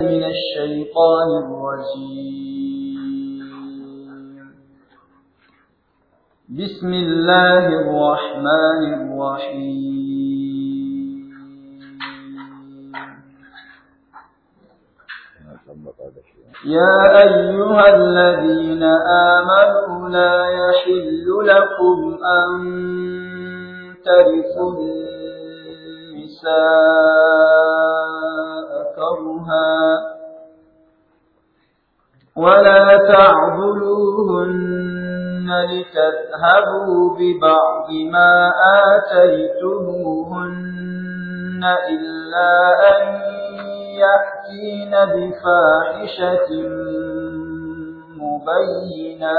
من الشيطان الرجيم بسم الله الرحمن الرحيم يا أيها الذين آمنوا لا يحل لكم أن ترثوا النساء كرها ولا تعبدوهن لتذهبوا ببعض ما آتيتموهن إلا أن يأتين بفاحشة مبينة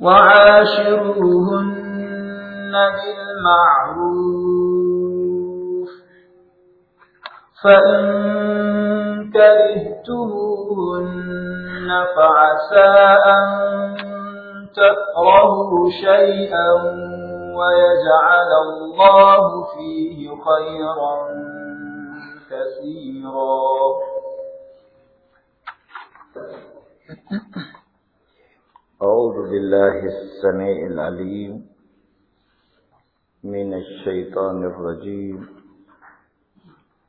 وعاشروهن بالمعروف فإن كرهتموهن فعسى أن تكرهوا شيئا ويجعل الله فيه خيرا كثيرا أعوذ بالله السميع العليم من الشيطان الرجيم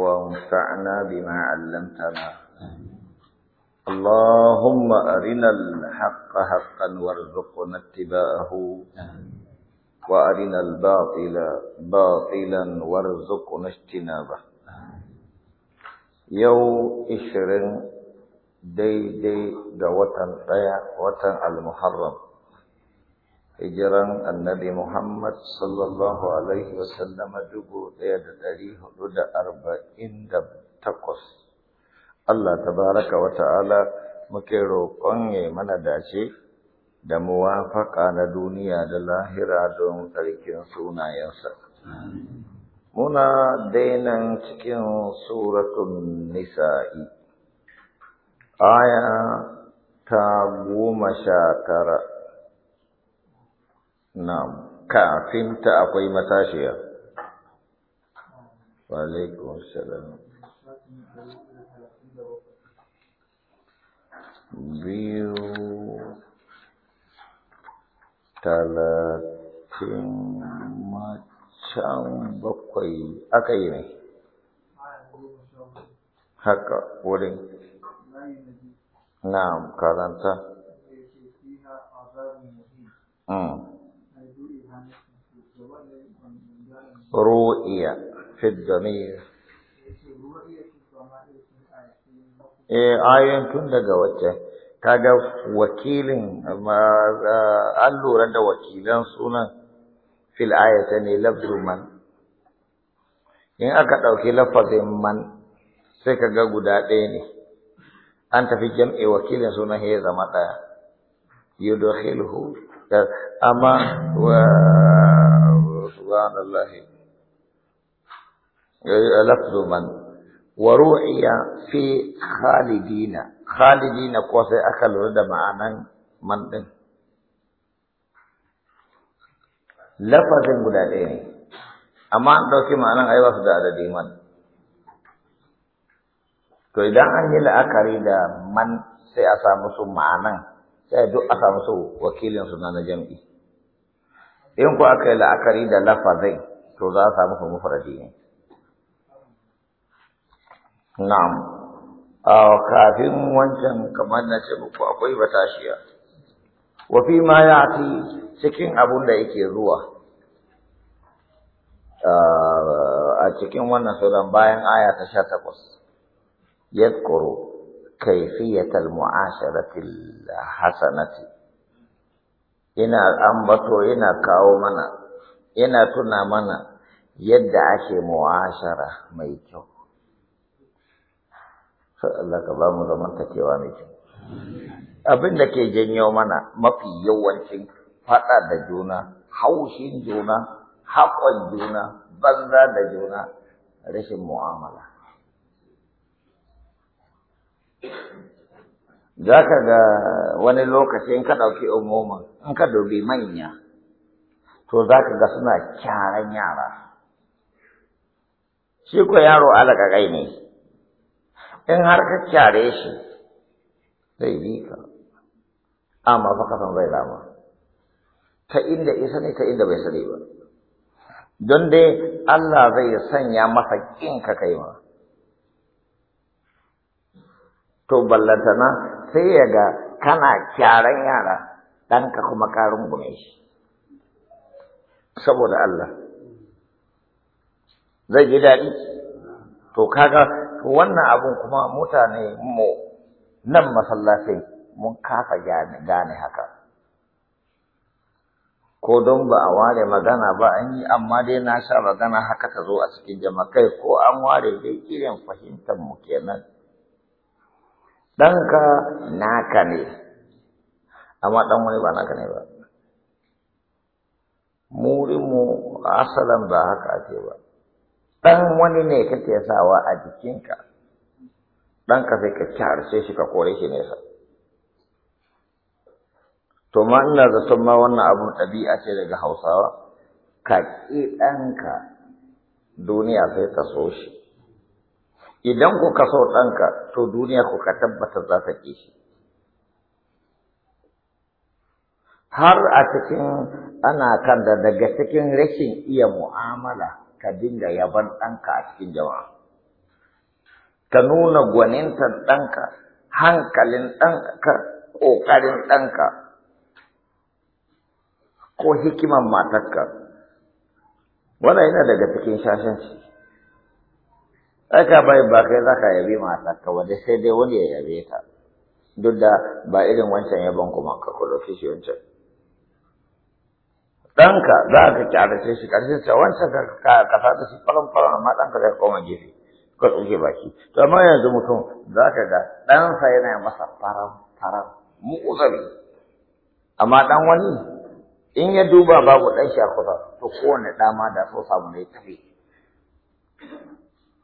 وانفعنا بما علمتنا اللهم أرنا الحق حقا وارزقنا اتباعه وأرنا الباطل باطلا وارزقنا اجتنابه يو إشرين دي دي دوة المحرم hijiran annabi Muhammad sallallahu alaihi wasallam dubu daya da ɗari hudu da arba'in da takwas. Allah tabaraka wa ta'ala muke roƙon ya mana dace da muwafaƙa na duniya da lahira don tsarkin sunayensa. Muna dainan cikin suratun nisa'i, aya ta goma sha tara. na'am kafin ta akwai matashiya wa alaikum salam biyu talatin macan bakwai aka yi ne haka wurin na karanta Mm. ru'iya fi damir eh ayan daga wacce kaga wakilin an lura da wakilan sunan fil ayata ne man in aka ɗauki lafazin man sai kaga guda ɗaya ne an tafi jam'i wakilin sunan ya zama ɗaya yudkhiluhu amma wa subhanallahi لفظ من وروعي في خالدين خالدين قوس أكل رد معنا من دين lafazin guda ɗaya ne amma an ɗauki ma'anan da adadi to idan an yi la'akari da man sai a samu su ma'anan sai duk a samu su wakilin su na jam'i in ku aka yi la'akari da lafazin to za a samu mufradi ne na'am kafin wancan kamar na ce muku akwai batashiya wa fi ma ya'ti cikin abun da yake zuwa a cikin wannan suran bayan aya ta 18 Yadkuru kaifiyatal mu'asharatil hasanati ina ambato ina kawo mana ina tuna mana yadda ake mu'ashara mai kyau sai Allah ka ba mu zamantakewa mai kyau abin da ke janyo mana mafi yawancin faɗa da juna haushin juna haƙon juna banza da juna rashin mu'amala za ka ga wani lokaci in ka ɗauki umuma in ka dubi manya to za ka ga suna kyaran yara shi ko yaro alaƙaƙai ne in har ka kyare shi zai bi ka amma fa kasan zai rama ta inda isa ne ta inda bai sani ba don dai Allah zai sanya masa kin ka kai ma to ballantana sai ya ga kana kyaran yara ɗanka kuma karin gume shi saboda Allah zai ji daɗi to kaga to wannan abun kuma mutane mu nan masallacin mun kafa gane haka ko don ba a ware magana ba an yi amma dai na sha magana haka ta zo a cikin kai ko an ware dai irin fahimtar mu kenan ɗanka naka ne amma ɗan wani ba naka ne ba murinmu asalan ba haka ake ba dan wani ne kake sawa a jikinka dan ka sai ka kyarce shi ka kore shi nesa to ma ina zaton ma wannan abun ɗabi'a ce daga hausawa ka dan ka duniya sai ta so shi idan ku ka so ɗanka to duniya ku ka tabbata za ta ki shi har a cikin ana kan da daga cikin rashin iya mu'amala ka dinga yaban ɗanka a cikin jama'a ka nuna gwanintar ɗanka hankalin ɗanka ƙoƙarin ɗanka ko hikiman matarka wannan yana daga cikin shashanci ka bai ba kai za ka yabi matarka wani sai dai wani ya yabe ta duk da ba irin wancan yaban kuma ka kula shi wancan ɗanka za ka kyarace shi karshe ta wancan ka kasa da shi farin farin amma ɗanka zai koma gefe ka tsoke baki to amma yanzu mutum za ka ga ɗansa yana masa faran faran mu'uzari amma ɗan wani in ya duba babu ɗan shi a kusa to kowane ɗa ma da so samu ne tafi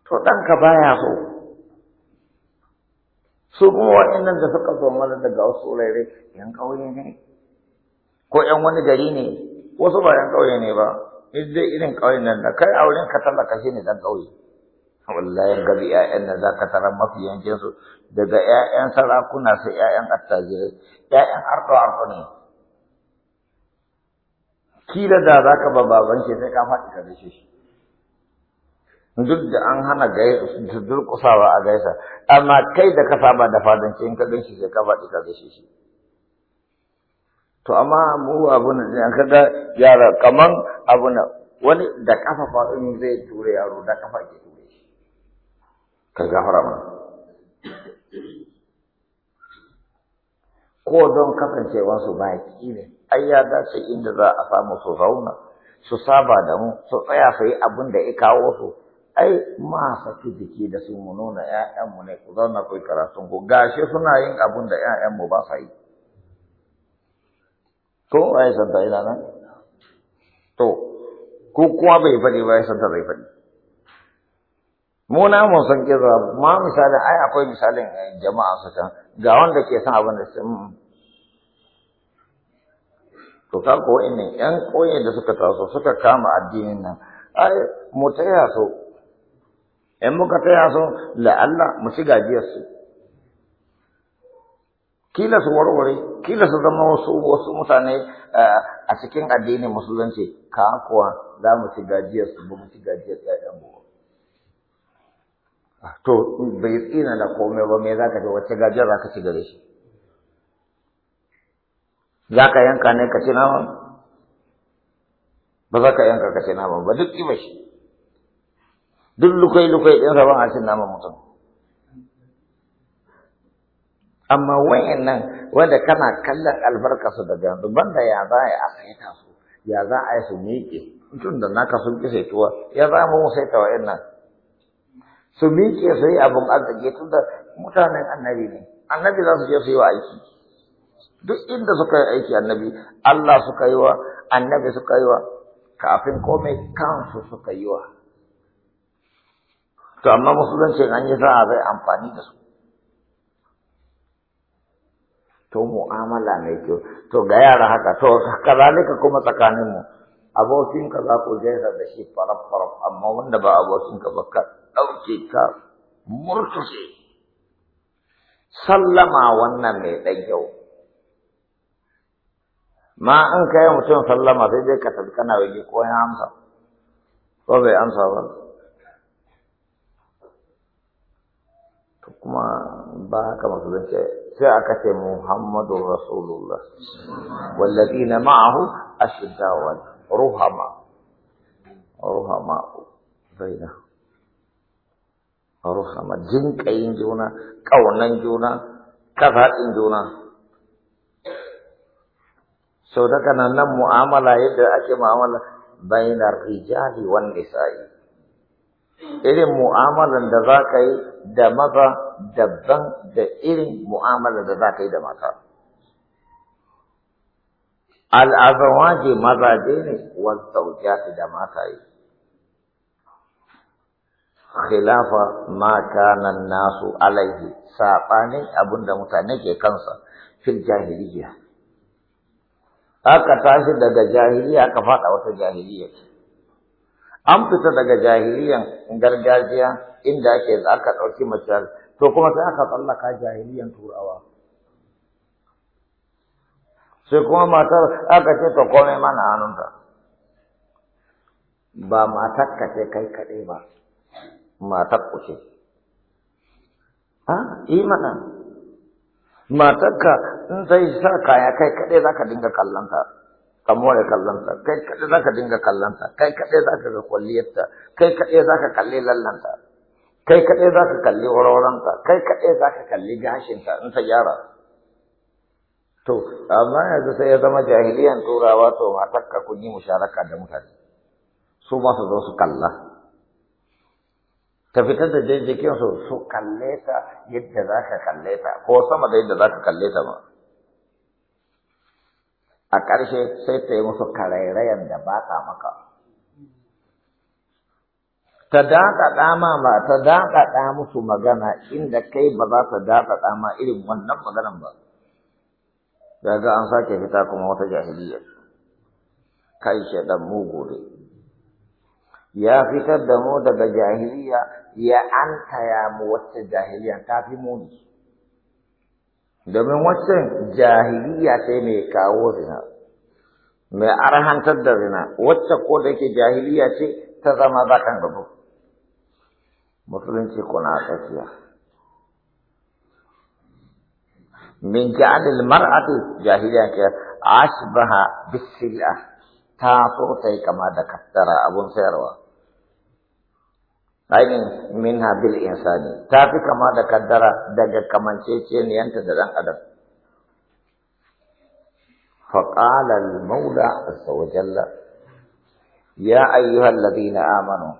to ɗanka baya so su kuma waɗannan da suka zo mana daga wasu wurare yan ƙauye ne ko yan wani gari ne wasu ba yan ƙauye ne ba dai irin ƙauyen nan da kai a wurin ka tallaka shi ne dan ƙauye wallahi gabi ƴaƴan nan za ka tara mafi yankin su daga ƴaƴan sarakuna sai ƴaƴan attajirai ƴaƴan arto arto ne kila da za ka ba baban shi sai ka faɗi ka gaishe shi duk da an hana durƙusawa a gaisa amma kai da ka saba da fadanci in ka gaishe sai ka faɗi ka gaishe shi to amma mu abun nan kada yara kaman abun wani da kafa fa in zai ture yaro da kafa ke ture shi ka gafara mana ko don kasancewansu baki ne ai ya dace inda za a samu su zauna su saba da mu su tsaya su yi abin ya kawo su ai ma saki jiki da su mu nuna 'ya'yanmu ne ku zauna ku yi karatun ku gashi suna yin abin da 'ya'yanmu ba sa yi ko waye santa ina nan to ko kowa bai faɗi ba ya ta bai faɗi mu na mu san ke kira ma misali, ai akwai misalin jama'a su can ga wanda ke san abin da sun to ka ko in ne yan koyi da suka taso suka kama addinin nan ai mu taya so in muka taya so la'alla mu shiga gajiyar su kila su warware kila su zama wasu wasu mutane eh, a cikin addinin musulunci ka kuwa za mu ci gajiyar su ba mu ci gajiyar ƴaƴan mu ah, to bai tsina da komai ba me za ka ce wacce gajiyar za ka ci gare shi za ka yanka ne ka ci nama ba za ka yanka ka ci nama ba duk ba shi duk lukai lukai ɗin sa ban a cin naman mutum amma wayannan wanda kana kallon albarka su daga yanzu banda ya za a saita su ya za a yi su miƙe tun da naka sun ƙi saituwa ya za mu saita wayannan su miƙe su yi abin arziki tun da mutanen annabi ne annabi za su je su yi wa aiki duk inda suka yi aiki annabi Allah suka yi wa annabi suka yi wa kafin komai kansu suka yi wa to amma musulunci an yi a zai amfani da su to mu'amala mai kyau to ga yara haka to kazalika kuma tsakanin mu abokin ka za ku gaisa da shi farab farab amma wanda ba abokin ka ba ka ɗauke ka murkushe sallama wannan mai ɗan kyau ma an kai mutum sallama sai dai ka tafi kana waje ko ya amsa ko bai amsa ba kuma ba haka masu zance ساكت محمد رسول الله والذين معه أشداء رهما رهما ruhama رهما جنك Ruhama jinƙayin juna, ƙaunan juna, إن juna. sau daga nan mu'amala yadda ake mu'amala bainar rijali wan nisa'i irin mu'amalan da za ka yi da maza daban da irin mu'amala da za ka yi da mata. Al'azawaje mazaje ne wasaujati da mata yi. Khilafa mata nan nasu alaihi saɓanin abin da mutane ke kansa fil jahiliya. Aka tashi daga jahiliya aka faɗa wata jahiliya ce. An fita daga jahiliyan gargajiya inda ake za ka ɗauki mace to kuma sai aka tsallaka jahiliyan turawa sai kuma matar aka ce to komai mana hannunta ba matar ka ce kai kaɗai ba matar ku ce a yi mana ka in zai sa kaya kai kaɗai za ka dinga kallonta ka more kallonta kai kaɗai za ka dinga kallonta kai kaɗai za ka ga kwalliyarta kai kaɗai za ka kalli lallanta kai kaɗai za ka kalli warwaranka kai kaɗai za ka kalli gashinta in ta gyara to amma yanzu sai ya zama jahiliyan turawa to matakka kun yi musharaka da mutane su ma su zo su kalla ta fitar da jajjakin su su kalle ta yadda za ka kalle ta ko sama da yadda za ka kalle ta ma a ƙarshe sai ta yi musu karairayan da ba ta maka ta daɗaɗa ma ta daɗaɗa musu magana inda kai ba za ta dakaɗa ma irin wannan maganan ba. Daga an sake fita kuma wata jahiliya. Kai shaɗan mugu ne. Ya fitar da mu daga jahiliya ya an taya mu wacce jahiliya ta fi muni. Domin wancan jahiliya sai mai kawo zina, mai arhantar da zina, wacce ko da ke jahiliya ce ta zama za kan gabo musulunci kuna tsakiya min ja'alil mar'ati jahiliya ke asbaha bisil'a ta so ta kama da kaftara abun sayarwa ainihin min habil insani ta fi kama da kaddara daga kamanceceniyanta da dan adam faƙalar maula azza wa يا أيها الذين آمنوا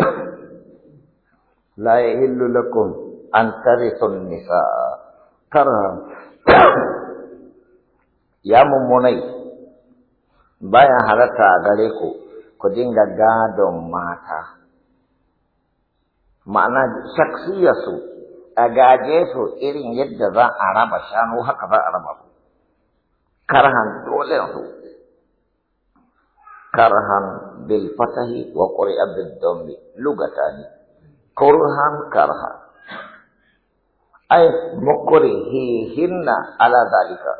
لا يهل لكم أن ترثوا النساء كرها يا ممني بايا halatta غريكو كدين ku ماتا dinga gadon mata ma'ana shaksiyarsu a gaje su irin yadda za a raba shanu haka za a raba ku karhan dole su karhan Bilfatahi fatahi wa qari'a bid dhammi lugatani karhan karha ay muqrihi hinna ala dhalika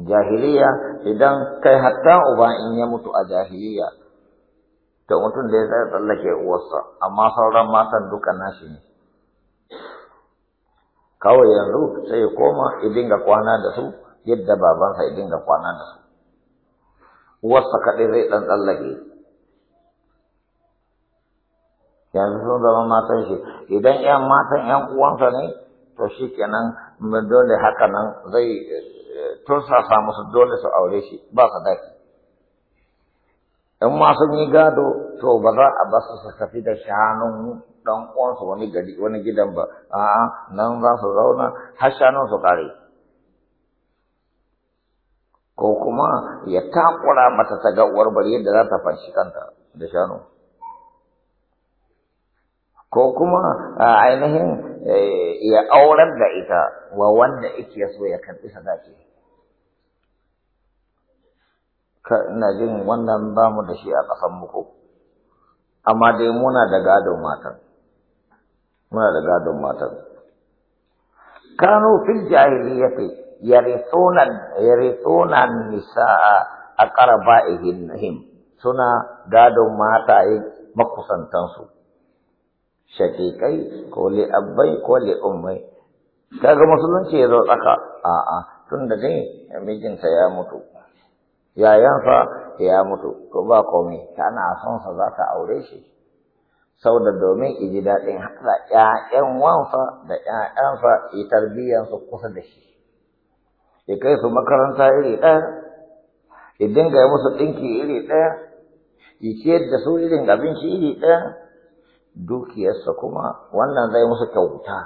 jahiliya idan kai hatta uba in ya mutu a jahiliya to mutun da ya tsallake uwarsa amma sauran masan duka nashi ne kawai yanzu sai ya koma i dinga kwana da su yadda babansa ya dinga kwana da su uwarsa kaɗai zai ɗan tsallake yanzu sun zama matan shi idan ‘yan matan ‘yan uwansa ne to shi kenan dole haka nan zai eh, tursasa musu dole su aure shi ba sadaki in ma sun yi gado to ba za a basu su tafi da shanun ɗan uwansu wani gari wani gidan ba a'a nan za su zauna har shanun su ƙare ko kuma ya takura mata ta ga uwar bari yadda za ta fanshi kanta da shanu ko kuma ainihin e, ya aurar da ita wa wanda yake so ya karɓi sadaki ina jin wannan ba mu da shi a ƙasan muku amma dai muna da gadon matan muna da gado matan kano fil jahiliyyati yarithuna yarithuna nisaa aqrabaihim suna gadon mataye makusantansu shakikai ko li abbai ko li ummai kaga musulunci yazo zo a' a'a tun da dai ya mutu yayansa ya mutu ko ba komai tana son sa za ta aure shi Sau da domin iji daɗin haɗa 'ya'yan wansa da yayansa yi tarbiyyansu kusa da shi ya kai su makaranta iri ɗaya ya dinga ya musu ɗinki iri ɗaya ya ciyar da su irin abinci iri ɗaya dukiyarsa kuma wannan zai musu kyauta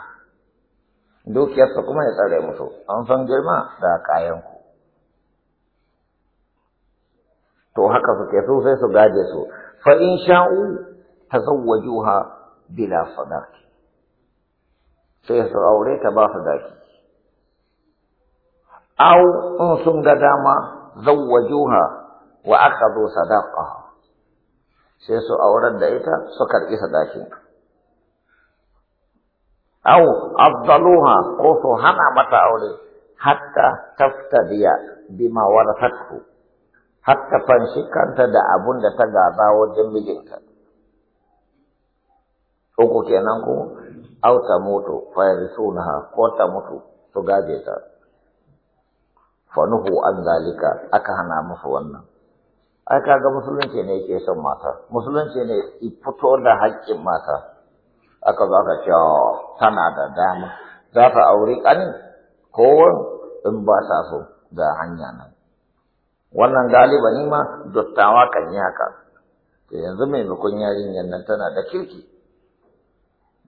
dukiyarsa kuma ya tsare musu an san girma da kayanku to haka suke so sai su gaje su fa in sha'u tazawwajuha bila sadaki. sai su aure ta ba daki Au in sun ga dama zawwajuha wa zo sadaka. sai su auren da ita su karɓi sadaki Au afdaluha ko su hana mata aure hatta taftadiya bima warasathu hatta fanshi kanta da abun da ta gada wajen mijinta uku kenan ko auta mutu fa yarisunaha ko ta mutu su gaje ta fanuhu an zalika aka hana musu wannan ai kaga musulunci ne yake son mata musulunci ne i fito da haƙƙin mata aka zo aka ce oh, tana da dama za ta auri ƙanin kowa in ba sa so ga hanya nan wannan galiba ni ma dottawa kan yi haka to yanzu mai maimakon yarin nan tana da kirki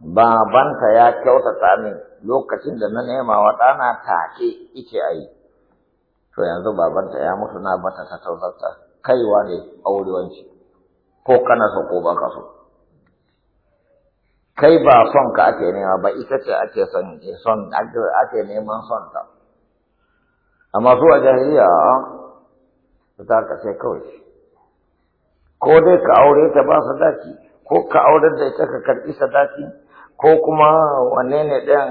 babanta ya kyautata min lokacin da na nema wa ɗana take ice a yi to yanzu babanta ya mutu na bata ta tauzarta kaiwa ne aurewanci ko kana so ko baka so kai ba son ka ake nema ba ita ce ake son son ake neman son ta amma su a jahiliya za ka sai kawai ko dai ka aure ta ba sadaki ko ka aure da ita ka karɓi sadaki ko kuma wanne ne ɗin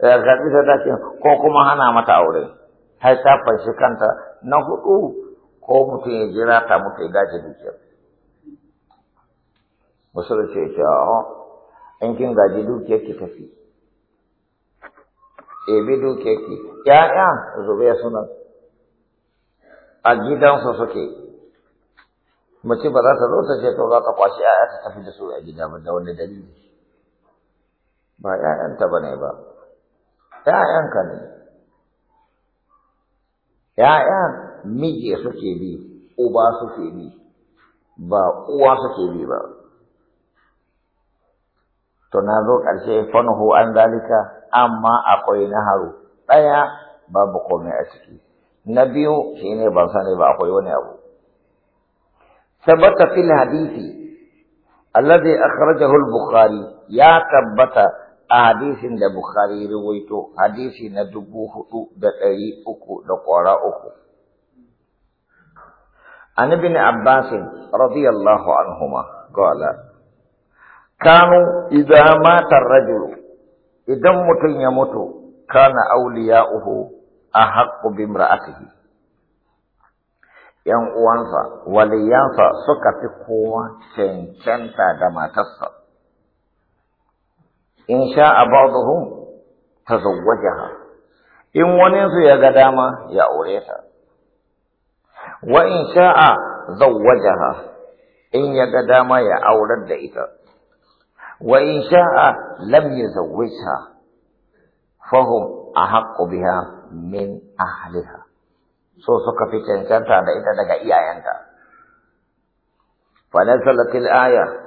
karɓi sadakin ko kuma hana mata aure. har ta fanshi kanta na hudu ko mutum ya jira ta mutu ya dace dukiyar wasu da ce a an kin gaji dukiyar ki tafi ebi dukiyar ki ya'ya zube suna a gidansu suke mace ba za ta zo ta ce to za ka kwashi ‘ya'ya ta tafi da su a gida ba da wani dalili ba ‘ya'yanta ba ne ba ‘ya'yanka ne ‘ya'ya miji suke bi, uba suke bi, ba uwa suke bi ba. To na zo ƙarshe fanhu an zalika, amma akwai na haru ɗaya babu komai a ciki, na biyu shine ne ban sani ba akwai wani abu. Sabata fil hadisi, alladhi akhrajahu al-Bukhari ya tabbata a hadisin da Bukhari ruwaito hadisi na dubu hudu da ɗari uku da ƙwara uku. An Abbasin. Abbas radiyallahu anhuma gola, kanu idan matar idan mutum ya mutu kana a haƙƙu bi imra'atihi yan uwansa waliyansa suka fi kowa cancanta da matarsa in sha'a ba'dhum tazawwajaha in wani ya ga dama ya aure ta wa in sha'a zawwajaha in ya ga dama ya aurar da ita wa in sha'a lam fahim fahum haƙƙo biya min ahliha so suka fi cancanta da ita daga iyayenta fanasalatil nazalat aya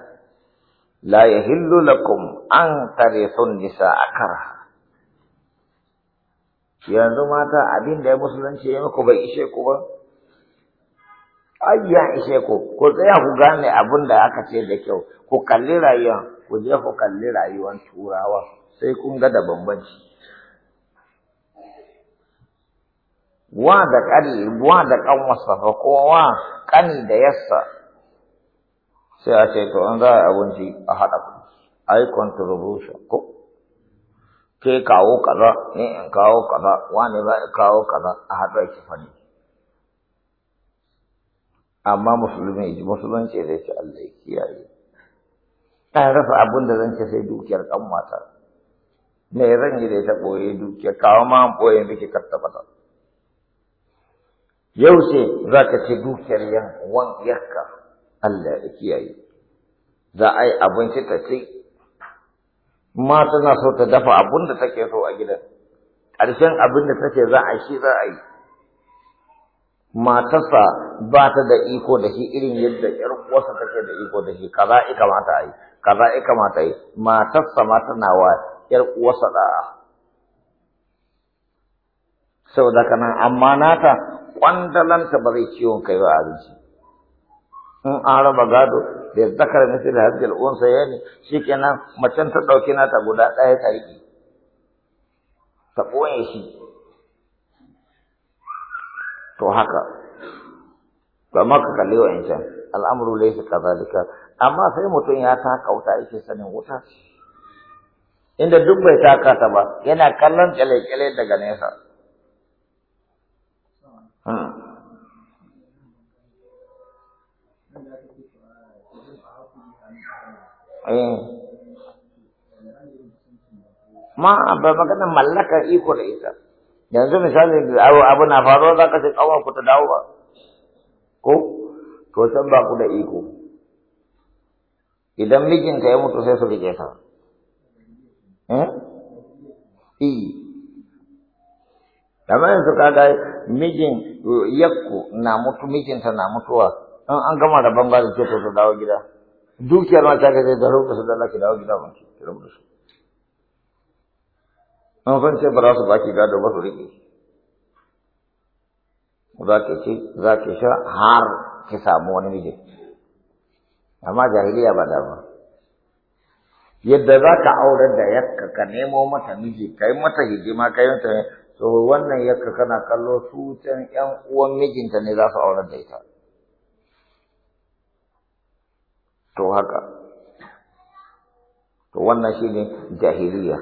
لا يهل لكم أن ترثوا النساء كرها yanzu mata abin da ya musulunci ya muku bai ishe ku ba ai ya ishe ku ku tsaya ku gane abin da aka ce da kyau ku kalli rayuwa ku je ku kalli rayuwar turawa sai kun ga da bambanci wa da ƙari wa da ƙanwarsa ko wa ƙani da yassa sai a ce to an za a abinci a haɗa kuɗi ai contribution ko ke kawo kaza ni in kawo kaza wani za a kawo kaza a haɗa ki fani amma musulmi musulunci zai ce Allah ya kiyaye ta rasa abin da zan ce sai dukiyar kan mata me zan yi da ita ɓoye dukiyar kawo ma an ɓoye miki karta mata yau ce za ka ce dukiyar yan wan yakka Allah ya kiyaye za a yi abinci ta ci ma tana so ta dafa abin da take so a gidan ƙarshen abin da take za a shi za a yi matarsa ba ta da iko da shi irin yadda ƴar uwarsa take da iko da shi kaza ya kamata a yi kaza ya kamata a yi matarsa ma tana wa ƴar uwarsa da'a saboda kana amma nata kwandalanta ba zai ciwon kai ba abinci in an raba gado da zakar misali hajjal unsa yani shikenan macen ta dauki nata guda daya ta yi ta boye shi to haka amma ka kalli wa'ancan al'amuru laysa kadhalika amma sai mutum ya kauta yake sanin wuta inda duk bai taka ta ba yana kallon kyale-kyale daga nesa hmm. eh ma ba magana mallaka iko da ita yanzu misali abu na faruwa za ka ce kawo ku ta dawo ba ko to san ba ku da iko idan mijinka ya mutu sai su rike ka eh kamar yanzu kaga mijin yakku na mutu mijinta na mutuwa in an gama da banza da ce to su dawo gida dukiyar ma ta kace da rubuta da Allah ki dawo gida mun ki rubuta su an san ce ba za su baki gado da su rike za ke ci za ke sha har ki samu wani miji amma jahiliya ba da ba yadda za ka aurar da yakka ka nemo mata miji kai mata hidima kai mata To wannan yakka kana kallo su can yan uwan mijinta ne za su aurar da ita to haka to wannan shine jahiliya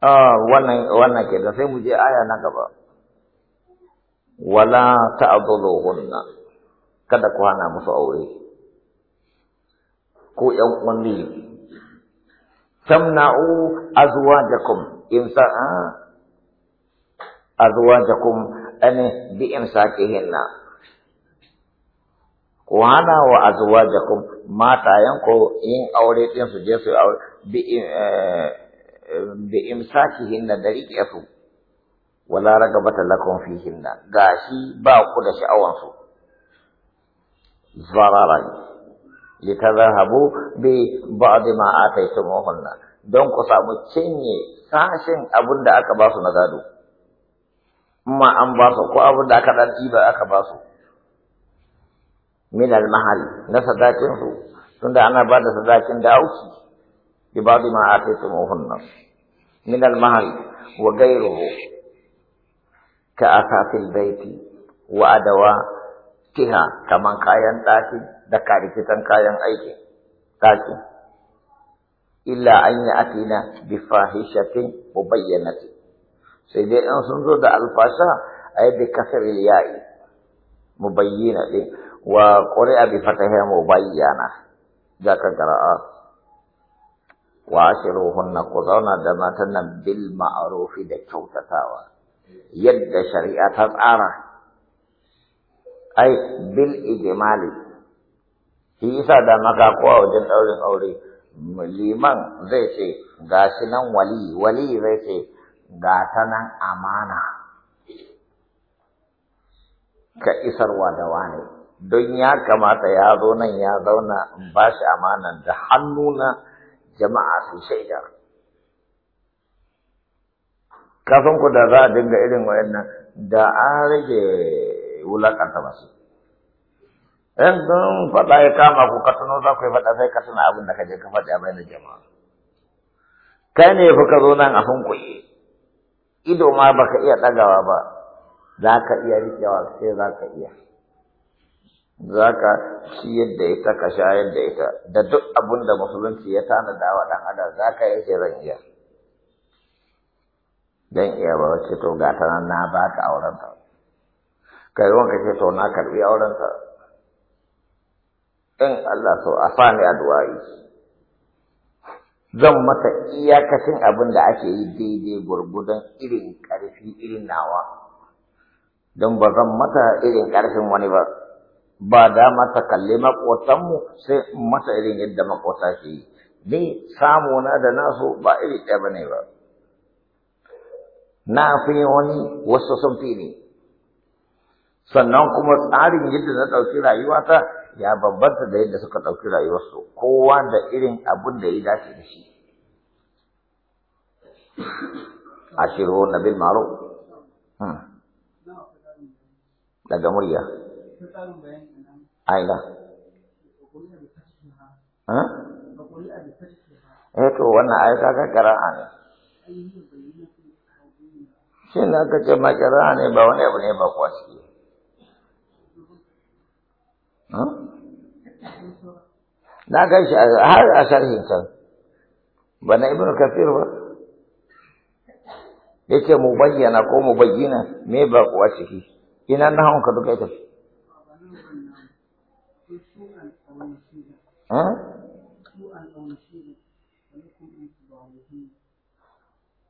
ah wannan wannan ke da sai mu je aya na gaba wala ta'dhuluhunna kada ku hana musu aure ko ƴan kunni tamna'u azwajakum in sa'a ah, azwajakum an bi imsakihinna ku hana wa azwajakum matayen ku yin aure din su je su aure bi eh, bi hinna da riqiyatu wala ragabata lakum Ga gashi ba ku da sha'awan su zararan litadhahabu bi ba'd ma ataytumuhunna don ku samu cinye sashin abin da aka ba su na gado amma an ba su ko abin da aka dan ba aka ba su من المحل لا صداقته عند أنا بعد صداق عند أوسي ببعض ما آتيتموهن من المحل وغيره كأساس البيت وأدواء كها كمان كاين تاكي دكاري كتن كاين أيكي تاكي إلا أن يأتينا بفاحشة مبينة سيدي أنسون ذو الفاشا أي بكسر الياء مبينة wa ƙuri'a bi fatahi mubayyana za ka gara'a wa ashiruhunna ku zauna da matan bil ma'rufi da kyautatawa yadda shari'a ta tsara ai bil ijmali shi isa da maka kowa wajen ɗaurin aure liman zai ce ga shi nan wali wali zai ce ga ta nan amana ka isarwa da wani don ya kamata ya zo nan ya zauna in ba shi amana da hannuna jama'a su shaida. Kafin ku da za a dinga irin wayannan da an rage wulakanta masu. Yan don faɗa ya kama ku katano za ku yi faɗa sai katana abin da ka je ka faɗi a bayan jama'a. Kai ne fi ka zo nan a hunkuye, ido ma baka iya ɗagawa ba, za ka iya riƙewa sai za ka iya. za ka ciyar da ita ka shayar da ita da duk abin da musulunci ya tanada wa ɗan adam za ka yi shi zan iya zan iya ba wace to ga ta na ba ka aurenta kai wanka ce to na karɓi aurenta in Allah so a sani yi zan mata iyakacin abin da ake yi daidai gurgudan irin ƙarfi irin nawa don ba zan mata irin ƙarfin wani ba ba dama ta kalli mu sai mata irin yadda makota ke yi ni samuna da naso ba iri ɗaya ba ne ba na fi wani wasu sun fi ne sannan kuma tsarin yadda na ɗauki rayuwata ya bambanta da yadda suka ɗauki rayuwarsu kowa da irin abun da ya dace da shi ashiru na bil maro hmm. daga murya Allah. Eh to wannan ai kaga qira'a ne. Shi na ka ce ma qira'a ne ba wani abu ne ba kuwa shi. Na ga shi har a sharhin can. Ba na Ibn kafir ba. Yake mu bayyana ko mu bayyana me ba kuwa shi. Ina na hanka duka ita.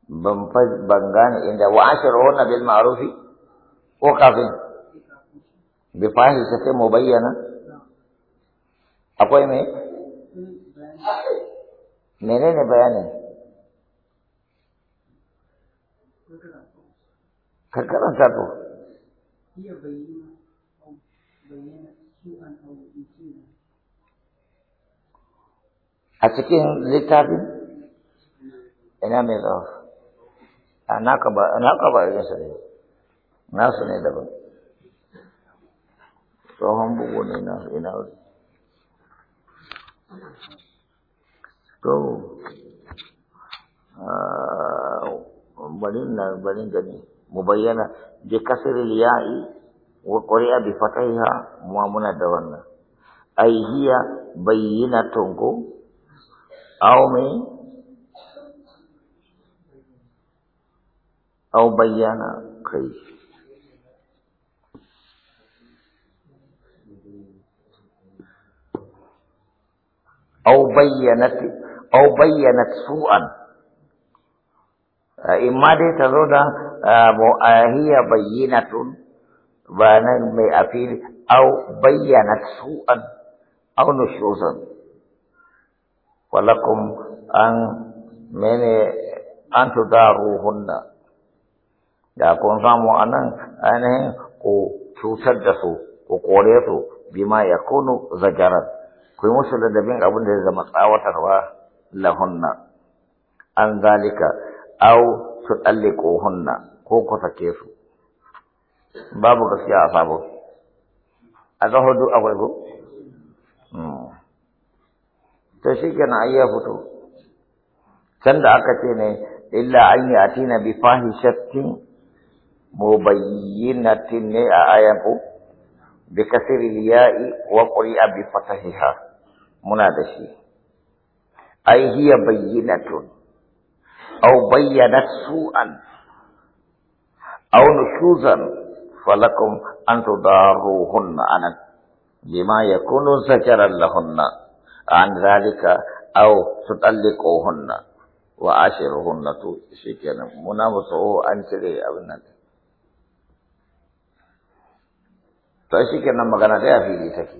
ban ban gane inda wa ashiruhunna bil ma'rufi ko kafin bi fahishatin mubayyana akwai me menene bayanin ka karanta to a cikin littafin ina mai zawo a naka ba naka ne nasu ne daban tsohon bugu ne nasu ina wuri to ah, barin na barin gani bayyana bi kasril liya'i wa qari'a bi fathiha mu muna da wannan ai hiya bayyinatun ko aw mai aw bayyana kai aw bayyana aw bayyana su'an in ma dai ta zo da mu'ahiyya bayyinatun ba nan mai afili aw bayyana su'an aw nushuzan walakum an mene an tudaruhunna da kun samu anan ainihin ku cutar da su ku kore su bima kunu zajaran ku yi musu ladabin abin da ya zama tsawatarwa lahunna an zalika au su hunna ko ku sake su babu gaskiya a sabo a zahudu akwai ku ستشيكنا أيها فتو سند آكتين إلا أن يأتينا بفاهشة مبينة آيانكو بكثير الياء وقرئ بفتحها منادشي أي هي بينة أو بينت سوءا أو نشوزا فلكم أن تداروهن عن لما يكون سجرا لهن an zalika aw tutalliquhunna wa ashiruhunna to shikenan muna musu an cire abin nan to shikenan magana ta fili take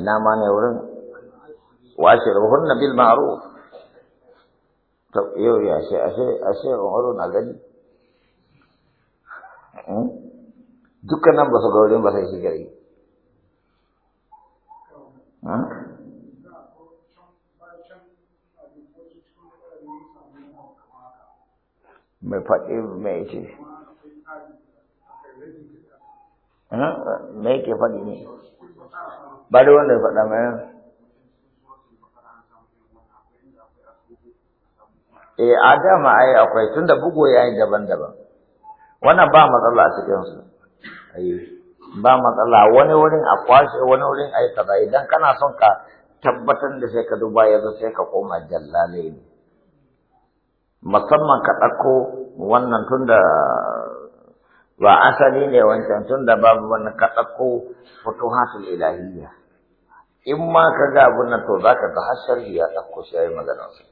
ina ma ne wurin wa ashiruhunna bil ma'ruf to yau ya ashe ashe ashe umaru na gani dukkanan ba su ga ba sai shi gari mai faɗi mai ce mai ke faɗi ne ba da wanda ya faɗa mai e a dama ai akwai tun da bugu ya yi daban-daban wannan ba matsala a cikinsu ba matsala wani wurin a kwashe wani wurin a yi idan kana son ka tabbatar da sai ka duba yanzu sai ka koma jallale ne musamman ka ɗauko wannan tun da ba asali ne wancan tun da babu wannan ka ɗauko hasil ilahiyya in ma ka ga abun nan to za ka ga har sharhi ya ɗauko shi ya yi maganarsa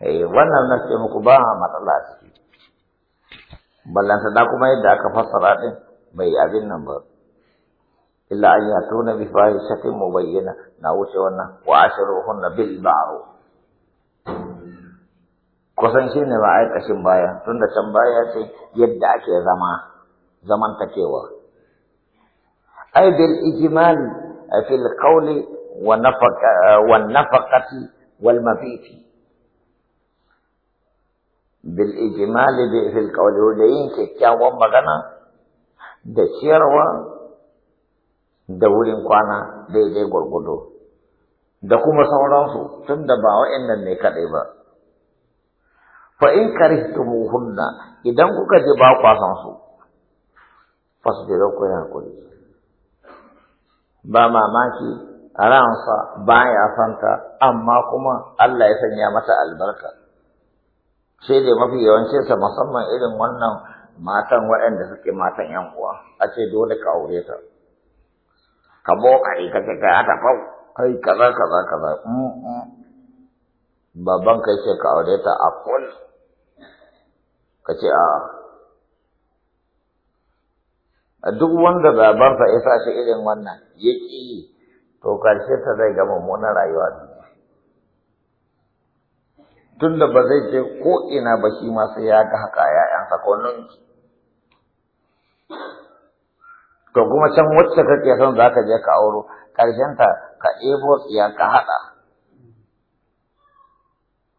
eh, wannan na ce muku ba matsala a ciki ballanta da kuma yadda aka fassara ɗin bai abin nan ba illa an a na bi mu mubayyana na wuce wannan wa hunna bil ma'ruf kusan shi ne ba aikashin baya tun da can baya ce yadda ake zama zamantakewa ai bil ijmal fi al qawli wa nafaqa wa nafaqati wal mafiti bil ijmal bi al qawli da yin kyakkyawan magana da ciyarwa da wurin kwana daidai gurgudo da kuma sauransu tun da ba wa'annan ne kadai ba fa in karihtumuhunna idan kuka ji ba kwa san su kuri ba mamaki ransa baya santa amma kuma Allah ya sanya mata albarka sai dai mafi yawancin sa musamman irin wannan matan waɗanda suke matan yan uwa a ce dole ka aure ta ka boka ita ka ta ta fau kai kaza kaza kaza mm, mm. Babban kai ce ka aure ta a kullu ka ce a duk wanda zabarta ya sa shi irin wannan ya ƙi to karshe ta zai gama mummunan rayuwa tunda ba zai je ko ina ba shi ma sai ya ga haka ya'yansa ko nan to kuma can wacce kake son za ka je ka auro ƙarshen ta ka ebo tsiya ka haɗa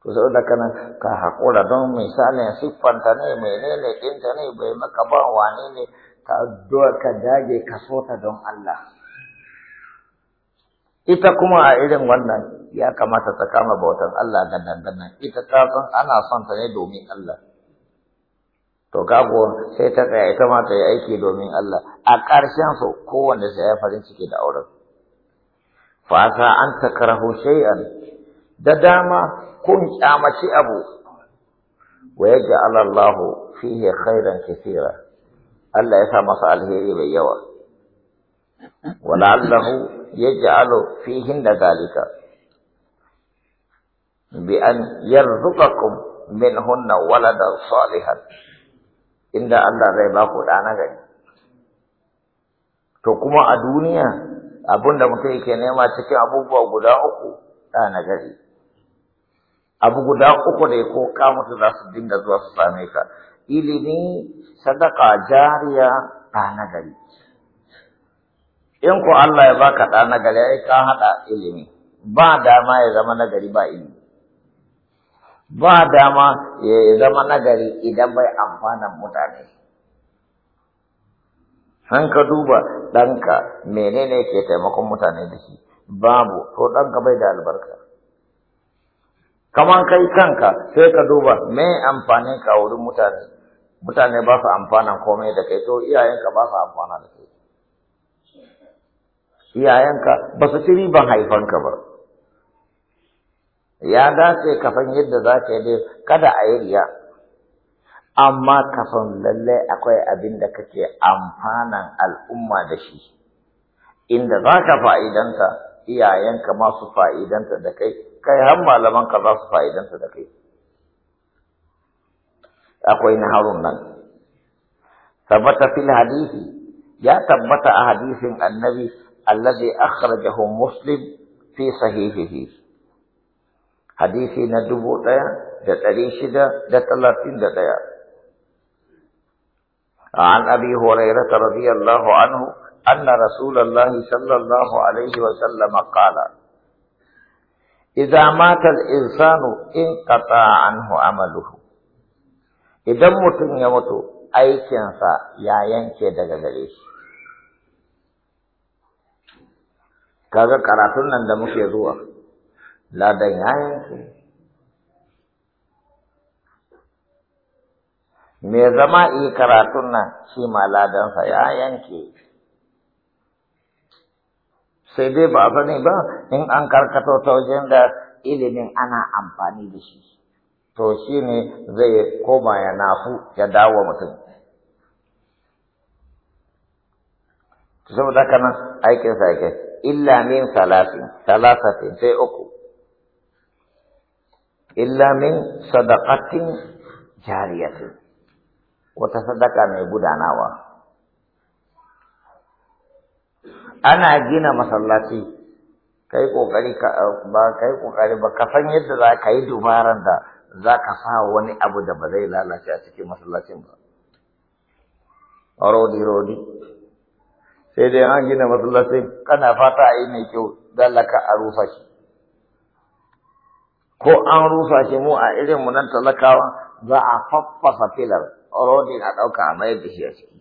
to sau da kana ka haƙura don misalin siffanta ne menene ɗinta ne bai maka ba wane ne ka ka dage ka sota don Allah ita kuma a irin wannan ya kamata ta kama bautan Allah da dandana ita ta san ana son ta ne domin Allah to kago sai ta tsaya ita ma ta yi aiki domin Allah a ƙarshen su kowanne sai ya farin ciki da auren fa sa an takrahu shay'an دداما كن كامشي أبو ويجعل الله فيه خيرا كثيرا ألا يفهم صالحه يوى ولعله يجعل فيهن ذلك بأن يرزقكم منهن ولدا صالحا إن الله رباه أنا غير تقوم الدنيا أبونا متى كنا ما تكي أبوه أبو داوكو أنا غير abu guda uku ne ko ka mutu za su dinga zuwa su same ka ilimi sadaka jariya ɗa na in ko Allah ya baka ɗa na gari ai ka haɗa ilimi ba dama ya zama na ba ilimi ba dama ya zama nagari idan bai amfanan mutane an ka duba ɗanka menene ke taimakon mutane da shi babu to ɗanka bai da albarka kaman kai kanka sai ka duba me amfanin ka wurin mutane mutane ba su amfana komai da kai to iyayenka ba su amfana da kai iyayenka ba su ci riban haifanka ba ya dace ka yadda za ka yi kada a yi riya amma ka san lallai akwai abin da kake amfanan al'umma da shi inda za ka fa'idanta iyayenka masu fa'idanta da kai kai har malaman ka za su ta da kai akwai na harun nan tabbata fil hadisi ya tabbata a hadisin annabi alladhi akhrajahu muslim fi sahihihi hadisi na dubu daya da ɗari shida da talatin da ɗaya عن أبي هريرة رضي الله عنه أن رسول الله صلى الله عليه وسلم قال Iza matar insanu in kata anhu amaluhu idan mutum ya mutu aikinsa ya yanke daga gare shi kaga karatun nan da muke zuwa ladan ya yanke me zama yi karatun nan shi ma ladansa ya yanke sai dai ba a sani ba in an karkato ta wajen da ilimin ana amfani da shi to shi ne zai koma ya nafu ya dawo mutum saboda haka nan aikin sa yake illa min salatin salatin sai uku illa min sadaqatin jariyatin wata sadaka mai gudanawa ana gina masallaci kai kokari ba kai kokari ba ka san yadda za ka yi dubaran da za ka sa wani abu da ba zai lalace a cikin masallacin ba rodi rodi sai dai an gina masallaci kana fata a yi mai kyau dalaka a rufa shi ko an rufa shi mu a irin mu nan talakawa za a faffasa filar rodi na ɗauka a mayar da shi a ciki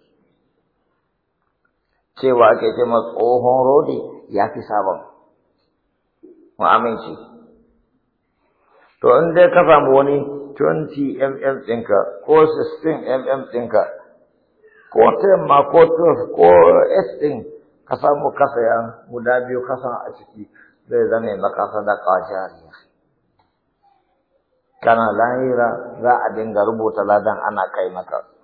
cewa ake ce ma tsohon rodi ya fi sabon mu aminci to in dai ka samu wani 20 mm ɗinka ko 16 mm ɗinka ko 10 ma ko 12 ko s ɗin ka samu kasaya guda biyu kasa a ciki zai zame makasa da jariya kana lahira za a dinga rubuta ladan ana kai maka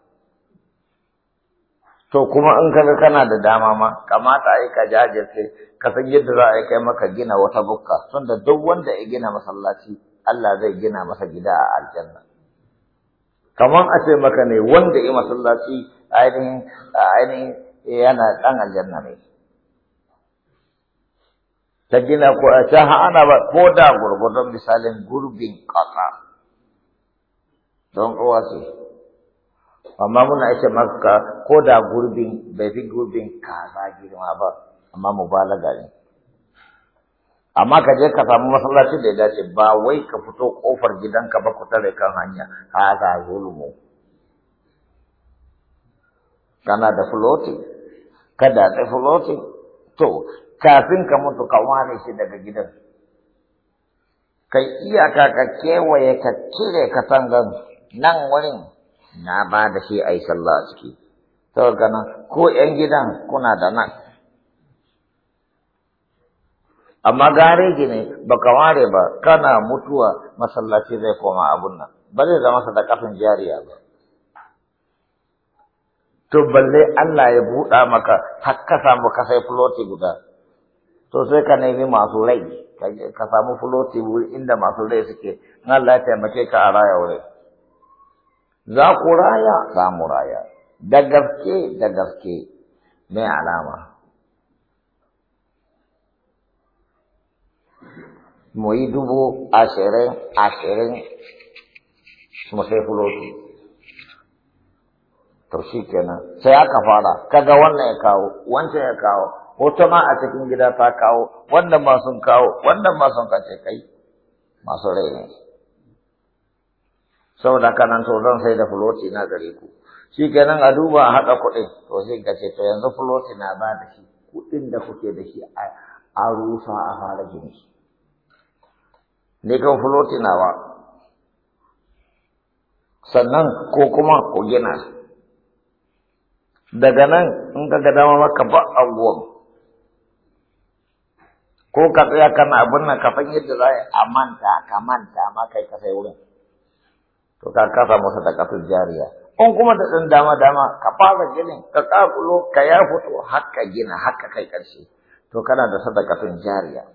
to kuma in kaga kana da dama ma kamata ai ka jajirce ka san yadda za a kai maka gina wata bukka tunda duk wanda ya gina masallaci Allah zai gina masa gida a aljanna kaman a ce maka ne wanda ya masallaci ainihin ainihin yana dan aljanna ne ta gina ko ta ana ba ko da gurgurdon misalin gurbin ƙasa don uwa ce amma muna ita maka ko da gurbin bai fi gurbin kaza girma ba amma mubalaga ne amma ka je ka samu masallaci da ya dace ba wai ka fito kofar gidanka ba ku tare kan hanya ga zulumu kana da floti kada da floti to kafin ka mutu ka ware shi daga gidan kai iyaka ka kewaye ka cire katangan nan wurin na ba da shi a yi sallah a ciki to gana ko yan gidan kuna da nan amma gareji ba ka ware ba kana mutuwa masallaci zai koma abun nan ba zai zama sa da kafin jariya ba to balle Allah ya buɗa maka har ka samu kasai sai fuloti guda to sai ka nemi masu rai ka samu fuloti inda masu rai suke nan ya mace ka a raya wurin za ku raya za mu raya da gaske da gaske mai alama mu yi dubu ashirin ashirin mu sai fuloti to shi kenan sai aka fara kaga wannan ya kawo wancan ya kawo hoto ma a cikin gida ta kawo wannan ma sun kawo wannan ma sun kace kai masu rai ne saboda haka nan to zan sai da floti na gare ku shi kenan a duba a haɗa kuɗin to sai ka ce to yanzu floti na ba da shi kuɗin da kuke da shi a rufa a fara gini ne kan na nawa sannan ko kuma ku gina daga nan in ka ga dama maka ba a anguwan ko ka tsaya kana abin nan ka yadda za a manta ka manta ma kai ka sai wurin to ka kasa masa da kafin jariya in kuma da ɗan dama dama ka fara ginin ka kakulo ka ya fito haka gina haka kai ƙarshe to kana da sadakatun jariya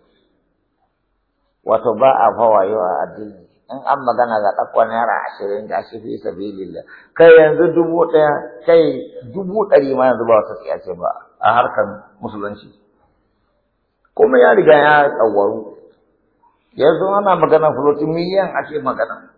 wato ba a yau a addini in an magana ga ɗakwa yara ashirin da shi fi sabilillah kai yanzu dubu ɗaya kai dubu ɗari ma yanzu ba wata ce ba a harkar musulunci kuma ya riga ya tsawaru yanzu ana magana fulotin miliyan ake magana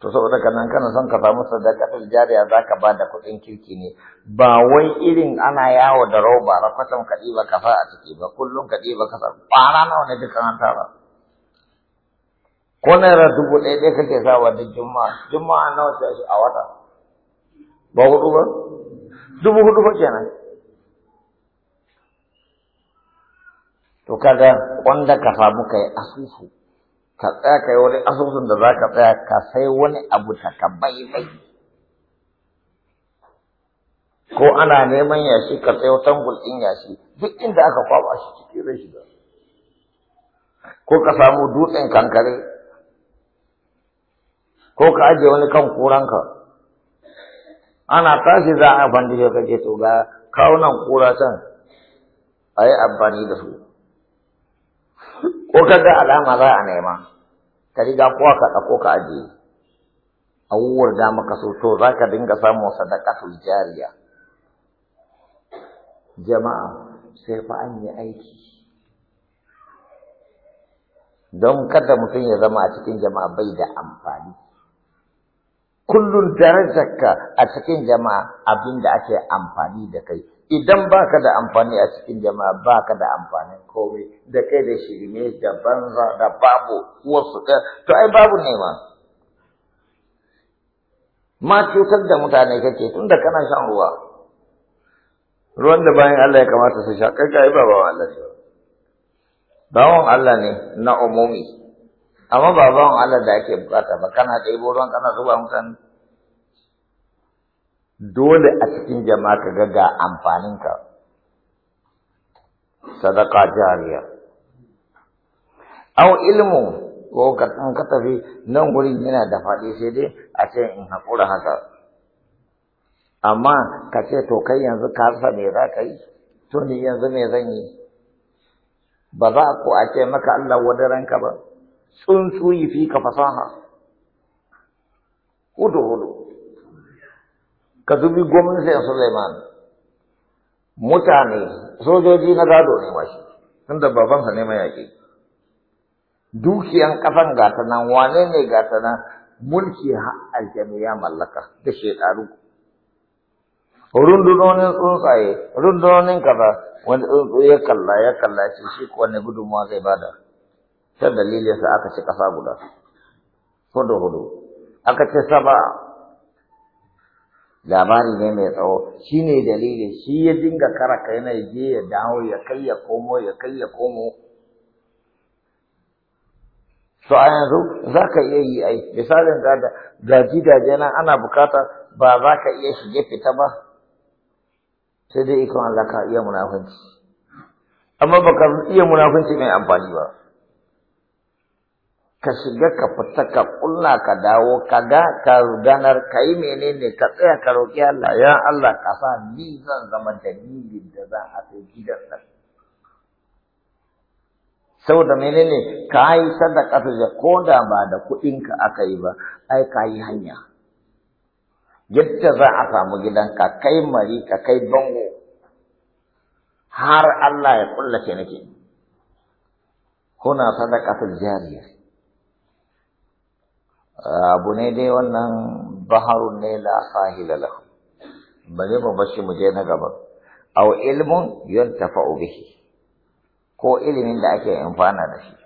to saboda kanan kana son ka samu sadakatul jariya zaka ba da kuɗin kirki ne ba wai irin ana yawo da roba rafatan ka ɗiba ka fa a ciki ba kullun ka ɗiba ka san ƙwara nawa ne dukan an tara ko naira dubu ɗaya ɗaya kake wa da juma'a juma'a nawa ce a wata ba hudu ba dubu hudu ba kenan to kaga wanda ka samu kai asusu ka tsaya ka yi wani asusun da za ka tsaya ka sai wani abu ta ka baibai ko ana neman yashi ka sayo tangul gulɗin yashi duk inda aka kwaba shi cikin zai shiga ko ka samu dutsen kankare ko ka ajiye wani kan kuranka ana tashi za a bandi ka je to ga kawunan kura can a yi amfani da su ko kaga alama za a nema ka riga kowa ka ɗauko ka ajiye abubuwar da maka so to za ka dinga samun sadakatul jariya jama'a sai fa an yi aiki don kada mutum ya zama a cikin jama'a bai da amfani kullum darajarka a cikin jama'a abin da ake amfani da kai idan ba ka da amfani a cikin jama'a ba ka da amfani komai da kai da shirme da banza da babu wasu to ai babu nema ma cutar da mutane kake da kana shan ruwa ruwan da bayan Allah ya kamata su sha kai kai ba bawan Allah ne bawan Allah ne na umumi amma babawan Allah da ake bukata ba kana ɗebo ruwan kana zuba mutane dole a cikin jama'a ka ga ga ka sadaka jariya au ilmu ko ka ka tafi nan gurin yana da faɗi sai dai a ce in haƙura haka amma ka ce to kai yanzu ka rasa me za ka yi to ni yanzu me zan yi ba za ku a ce maka Allah wadaranka ba tsuntsu fi ka fasaha hudu hudu ka dubi gwamnatin Suleiman mutane sojoji na gado ne ma shi tunda babansa ne mayaƙi dukiyan ƙasan gata nan wane ne gata nan mulki aljanu ya mallaka da shekaru rundunonin tsuntsaye rundunonin kaza wani tsuntsu ya kalla ya kalla shi shi wani gudunmawa zai bada ta dalilinsa aka ci ƙasa guda hudu hudu aka ce saba labari ne mai tsawo shi ne dalili shi ya dinga kara ka yana je ya dawo ya kai ya komo ya kai ya komo to a yanzu za ka iya yi ai misalin gada gaji gaji nan ana bukata ba za ka iya shige fita ba sai dai ikon Allah ka iya munafunci amma baka iya munafunci mai amfani ba ka shiga ka fita ka kulla ka dawo ka ga ka ganar ka yi menene ka tsaya ka roƙi Allah ya Allah ka sa ni zan zama dalilin da za a kai gidan nan saboda menene ka yi sadaka ta ko da ba da kuɗinka aka yi ba ai ka hanya yadda za a samu gidan ka kai mari ka kai bango har Allah ya kullace nake kuna ta jariya. abu ne dai wannan baharun ne la sahila lahu bari mu bashi mu je na gaba aw ilmun yantafa'u bihi ko ilimin da ake amfana da shi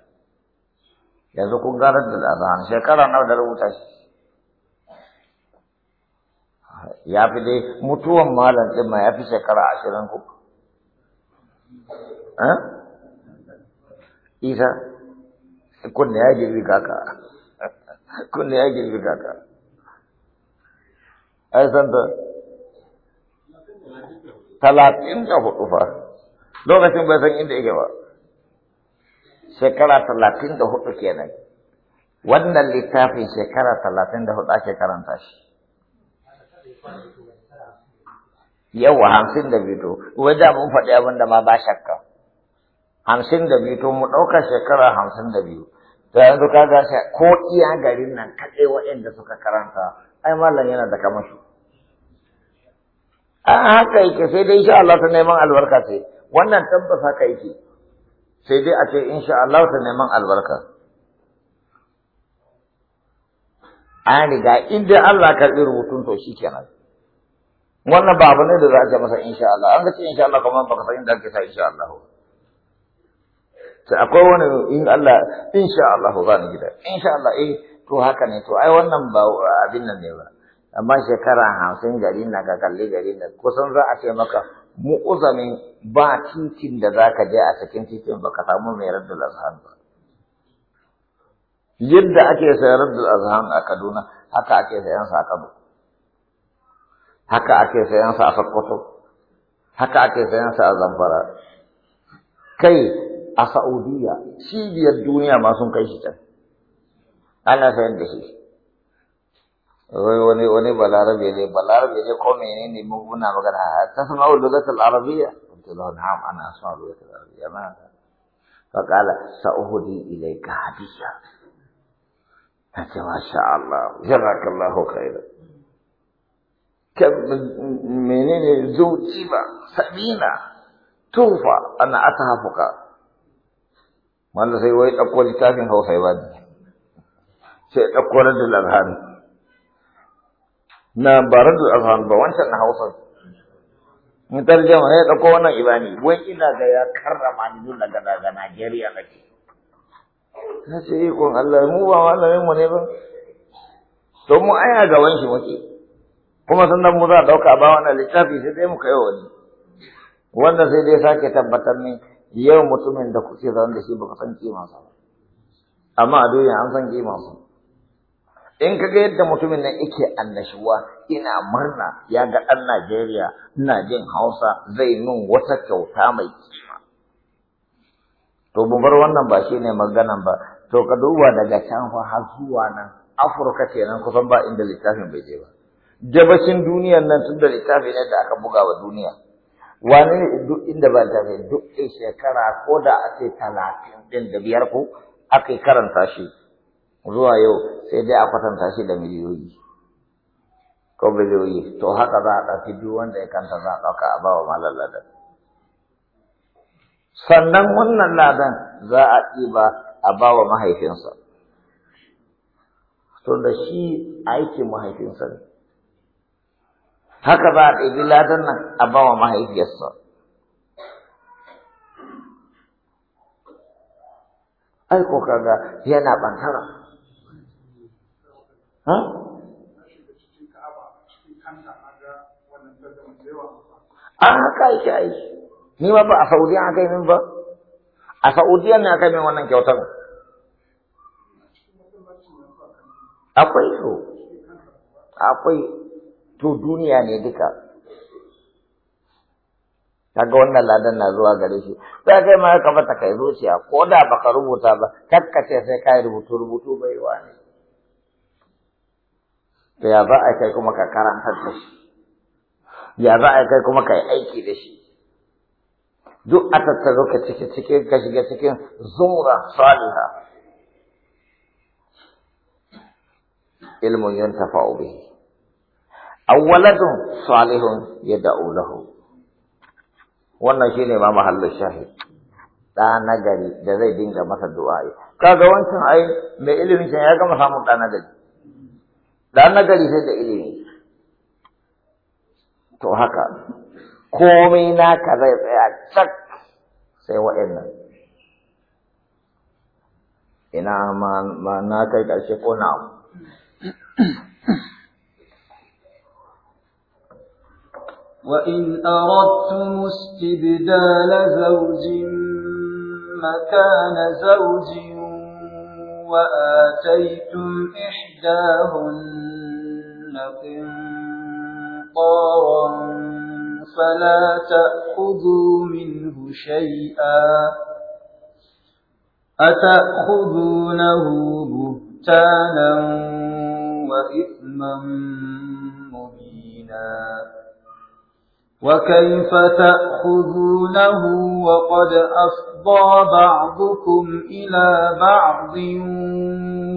yanzu kun ga da azan shekara nawa da rubuta shi ya fi dai mutuwan malam din ma ya fi shekara ashirin ku eh? isa kunne ya girbi kaka kunne ya girgita ka ai san ta talatin da hudu fa lokacin bai san inda yake ba shekara talatin da hudu kenan wannan littafin shekara talatin da hudu ake karanta shi yawa hamsin da biyu wajen mun faɗi abin da ma ba shakka hamsin da biyu to mu ɗauka shekara hamsin da biyu to yanzu ka ga ko iya garin nan kaɗai waɗanda suka karanta ai malam yana da kamashi a haka yake sai dai insha Allah ta neman albarka sai wannan tabbas haka yake sai dai a ce insha Allah ta neman albarka an riga inda Allah karɓi rubutun to kenan, wannan ba abu ne da za a ce masa insha Allah an ga ce insha Allah kuma baka san inda ake sa insha Allah ba sai akwai wani in Allah insha Allah ba ni gida insha Allah eh to haka ne to ai wannan ba abin nan ne ba amma shekara hamsin gari na ga kalli gari na kusan za a ce maka mu uzamin ba titin da za ka je a cikin titin ba ka samu mai raddul azhan ba yadda ake sayan raddul azhan a Kaduna haka ake sayan sa a Kano haka ake sayan sa a Sokoto haka ake sayan sa a Zamfara kai أخاودية سيدي الدنيا ما سون كيشتا أنا فين بهي وني وني بالعربية لي بالعربية لي قومي ني ني مغبونا بغنا تسمع اللغة العربية قلت له نعم أنا أسمع اللغة العربية ما فقال سأهدي إليك هدية قلت ما شاء الله جزاك الله خيرا كم منين ذو تيبا سبينا توفى أنا أتهفك Wanda sai wai ɗauko littafin Hausa ya bani. Sai ɗauko Radul Azhan. Na ba Radul Azhan ba wancan na Hausa. In tarjama ya ɗauko eh, wannan ibani wai ina ga ya karrama ni nuna daga Najeriya Najeriya nake. Eh, na ce ikon Allah mu ba malamin mu ne ba. To mu aya ga wanki muke. Kuma sannan mu za a ɗauka ba wannan littafi sai dai mu kai wani. Wanda sai dai sake tabbatar ne. yau mutumin da kuke zan da shi baka san kimansa ba amma a duniya an san sa in ga yadda mutumin nan yake annashuwa ina murna ya ga ɗan Najeriya ina jin Hausa zai nun wata kyauta mai kima to mun bar wannan ba shine maganan ba to ka duba daga can fa har zuwa nan Afirka kenan kusan ba inda littafin bai je ba jabashin duniyar nan tun da littafi ne da aka buga wa duniya wani ne duk inda ba ta kai duk in shekara ko da a ce talatin ɗin da biyar ko aka yi karanta shi zuwa yau sai dai a kwatanta shi da miliyoyi ko miliyoyi. to haka za a ɗauki duk wanda ya kanta za a ɗauka a bawa malar ladan sannan wannan ladan za a ɗiba a bawa mahaifinsa to shi aikin mahaifinsa ne haka za a ɗabi ladan nan a bawa mahaifiyarsa ai ko kaga yana ɓantara. ha a haka yake yi. ni ma ba a saudiya aka yi min ba a saudiya ne aka yi min wannan kyautar akwai so akwai to duniya ne duka kaga wannan ladan na zuwa gare shi sai kai ma ka bata kai zuciya ko da baka rubuta ba kakkace sai kai rubutu rubutu bai wa ne to ya ba a kai kuma ka karanta da shi ya ba a kai kuma ka yi aiki da shi duk a tattaro ka ciki cikin ka shiga cikin zumra saliha ilmun yuntafa'u bihi awwaladun salihun ya da'ulahu wannan shine ma mahallin shahid da nagari da zai dinga masa du'a kaga wancan ai mai ilimin shi ya gama samun da nagari da nagari sai da ilimi to haka komai naka zai tsaya cak sai wa'annan ina ma na kai ƙarshe ko na وإن أردتم استبدال زوج مكان زوج وآتيتم إحداهن قنطارا فلا تأخذوا منه شيئا أتأخذونه بهتانا وإثما مبينا وكيف تأخذونه وقد أفضى بعضكم إلى بعض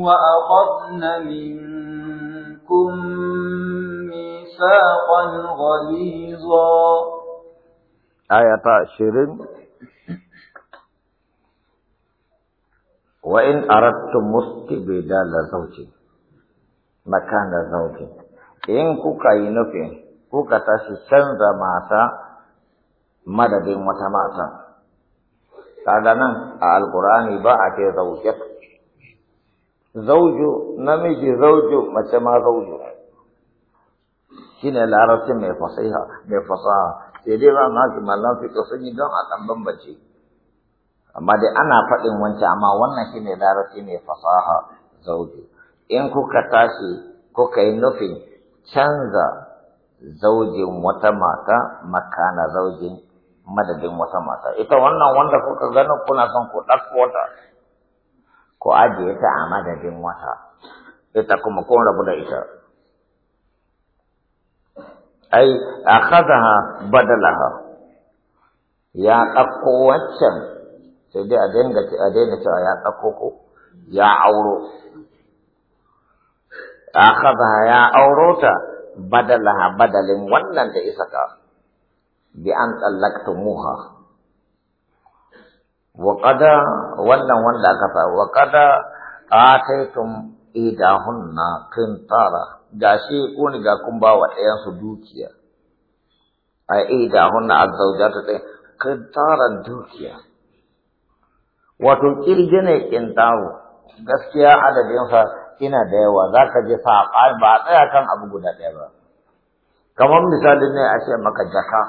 وأخذن منكم ميثاقا غليظا آية عشرين وإن أردتم مستبدال زوجي مكان زوجي إن كوكاينوكي kuka tashi canza mata madadin wata mata kaga nan a alkur'ani ba a ce zauje. zauju namiji zauju mace ma zauju shine larabci mai fasaha mai fasaha sai dai ba ma ki mallan fiqh sun yi don a kan bambance amma dai ana faɗin wancan amma wannan shine larabci mai fasaha zauju in kuka tashi kuka yi nufin canza zaujin wata mata makana zaujin madadin wata mata ita wannan wanda kuka gani kuna son ku ɗauko ta ku ajiye ta a madadin wata ita kuma kun rabu da ita ai akhadha badalaha ya ɗauko waccan sai dai a dinga a daina cewa ya ɗauko ko ya auro akhadha ya auro ta badalaha badalin wannan da isaka bi an tsallakta wa qada wannan wanda aka fa wa qada na idahunna qintara gashi ko ni ga kun ba wa ɗayan su dukiya a idahunna azzawjatu ɗin qintaran dukiya wato kirgine kintaro gaskiya adadin sa ina da yawa za ka je saɓa ba a tsaya kan abu guda ɗaya ba kamar misali ne a ce maka jaka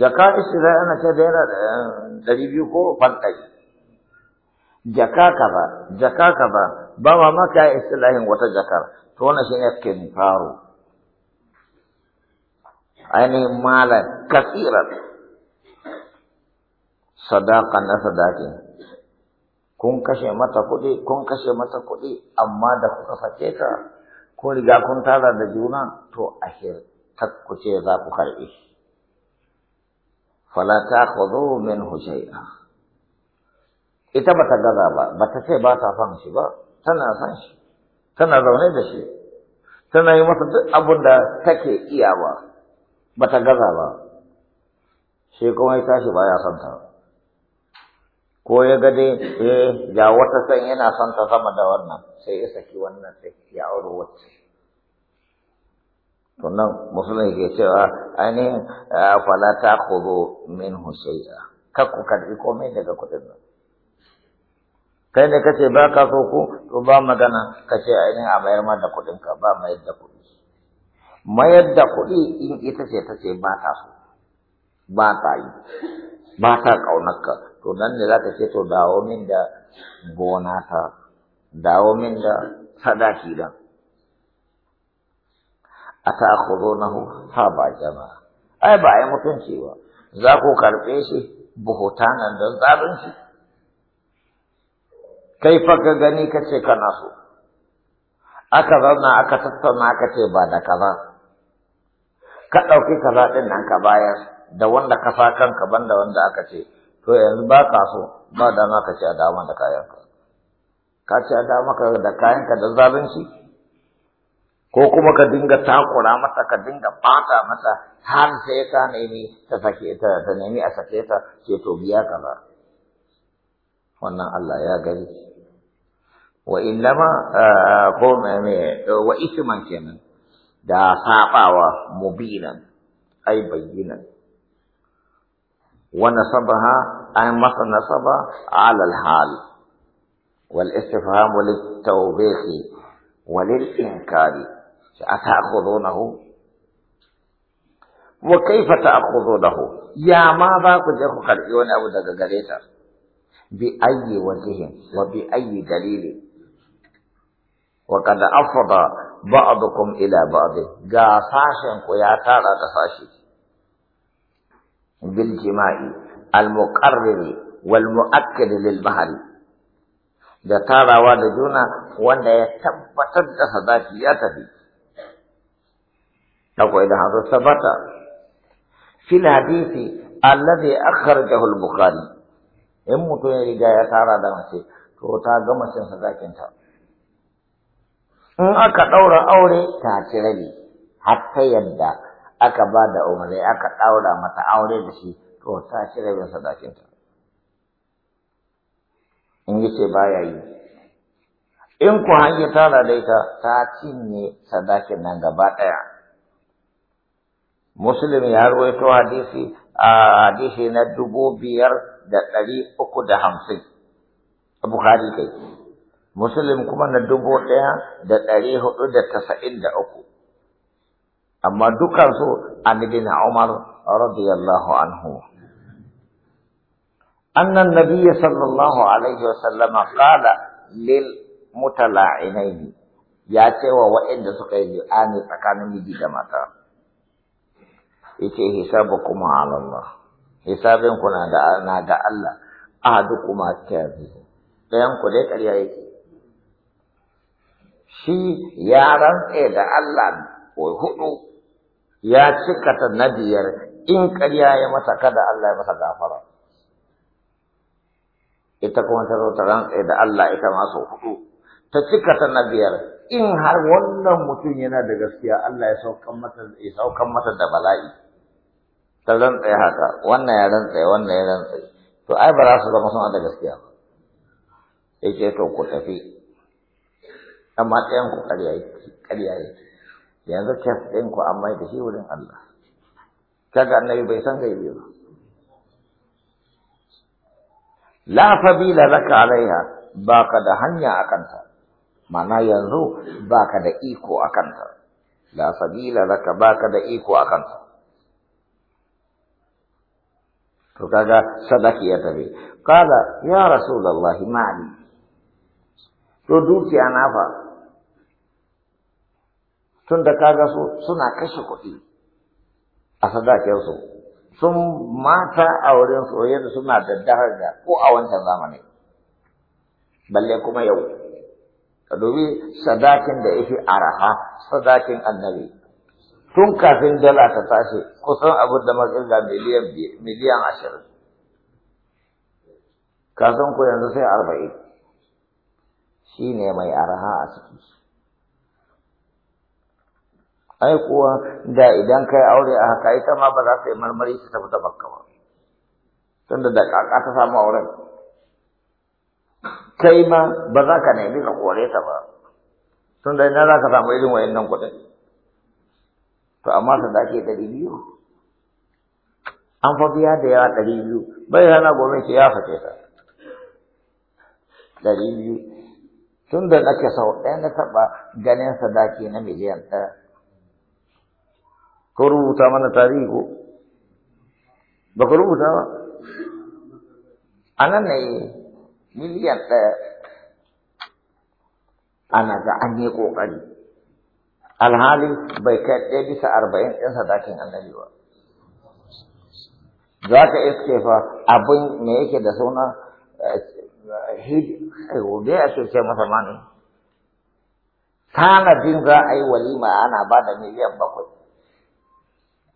jaka zai ana ce da yana eh, ɗari biyu ko fantai jaka ka ba jaka ka ba ma maka ya istilahin wata jakar to wannan shi ne kinfaro ainihin malan kasiran sadaka na sadakin kun kashe mata kuɗi kun kashe mata kuɗi amma da kuka sake ta kun riga kun tara da juna to ashir takkuce za ku karɓi fala takhudhu min shay'a ita ba ta gaza ba ba ta ce ba ta son shi ba tana son shi tana zaune da shi tana yi masa duk abin da take iyawa ta gaza ba shi kuma ya tashi ya son ta ko ya ga dai eh ga wata san yana son ta sama da wannan sai ya saki wannan sai ya aure wacce to nan musulmi ke cewa ani fala ta khudu min husayya Ka ku karbi komai daga kuɗin nan kai ne kace ba ka so ku to ba magana kace ainihin a mayar ma da kuɗin ka ba mayar da kuɗi mayar da kuɗi in ita ce ta ce ba ta so ba ta yi ba ta ka to nan ne ka ce to dawo min da gona ta dawo min da sadaki da ha ba jama'a ai ba ai mutunci ba za ku karɓe shi nan don zaɓin shi kai fa ka gani ka ce kana so aka zauna aka tattauna aka ce ba da kaza ka ɗauki kaza ɗin nan ka bayar da wanda ka sa kanka banda wanda aka ce to yanzu ba ka so ba dama ka ci a dama da kayan ka Ka ci a dama ka da ka da zalunci ko kuma ka dinga takura mata ka dinga bata masa, har sai ka nemi ta sake ta ta nemi a sake ta ce to biya ka ba. wannan Allah ya gari wa innama ko me wa isman kenan da sabawa mubinan ai bayyinan ونصبها أن مصر نصب على الحال والاستفهام للتوبيخ وللإنكار أتأخذونه وكيف تأخذونه يا ما ذاك جاكو او أبو دقاقريتا بأي وجه وبأي دليل وقد أفضى بعضكم إلى بعض قاساشا قياتا لا تساشي بالجماع المقرر والمؤكد للمهر da tarawa da juna wanda ya tabbatar da sadaki ya tafi akwai da hadu sabata fil hadisi alladhi akhrajahu al-bukhari in mutum ya riga ya tara da mace to ta gama cin sadakin ta in aka daura aure ta ci rabi hatta yadda aka ba da umarai aka ɗaura mata aure da shi to ta ci sadakin sadakinta in yi ce baya yi in ku hanyar tara da ita ta cinye sadakin nan gaba ɗaya musulmi ya rawaito hadisi a hadisi na dubu biyar da ɗari uku da hamsin bukhari kai muslim kuma na dubu ɗaya da ɗari hudu da tasa'in da uku amma dukansu annabi na Umar radiyallahu anhu annan nabiy sallallahu alaihi wasallama qala lil mutala'inaini ya ce wa waɗanda suka yi ani tsakanin miji da mata yace hisabu ala Allah hisabin kuna na da na ga Allah kuma kadhib dayan ku dai ƙarya yake shi ya rantse da Allah ko hudu ya cika ta na biyar in ƙarya ya mata, kada Allah ya masa gafara ita kuma ta rota ran tsaye da Allah ita ma sau hudu ta cika ta na biyar in har wannan mutum yana da gaskiya Allah ya saukan mata ya saukan mata da bala'i ta rantsa haka wannan ya rantsa wannan ya rantsa to ai ba za su zama suna da gaskiya ba yake to ku tafi amma ɗayan ku ƙarya yake yanzu kes ɗin ku amma da shi wurin Allah kaga annabi bai san gaibe ba la sabila laka alaiha baka da hanya a kanta ma'ana yanzu baka da iko a kanta la sabila laka baka da iko a kanta to kaga sadaki ya tafi kala ya rasulullahi ma'ani to dukiya na fa tun da kaga su suna kashe kuɗi a sadakinsu sun mata a wurin soyayya suna da daraja ko a wancan zamani balle kuma yau ka dubi sadakin da yake araha sadakin annabi tun kafin dala ta tashi kusan abin da matsala miliyan miliyan ashirin kasan ku yanzu sai arba'in shi ne mai araha a su. ai kuwa da idan kai aure a haka ita ma ba za ta yi marmari ta tafi ta bakka ba tunda da kaka ta samu auren kai ma ba za ka nemi ka kore ta ba tunda ina za ka samu irin wayannan kuɗin to amma ta dace ɗari biyu an fa biya da yawa ɗari biyu bai hana gobe ki ya fice ta ɗari biyu tun da nake sau ɗaya na taɓa ganin sadaki na miliyan ɗaya ko rubuta mana tarihi ko ba ku rubuta ba a nan ne miliyan ɗaya ana ga an yi ƙoƙari alhali bai kai ɗaya bisa arba'in ɗin sadakin annabi ba za ka iske fa abin me yake da suna eh, eh, gobe a ce masa mani tanadin za a yi walima ana ba da miliyan bakwai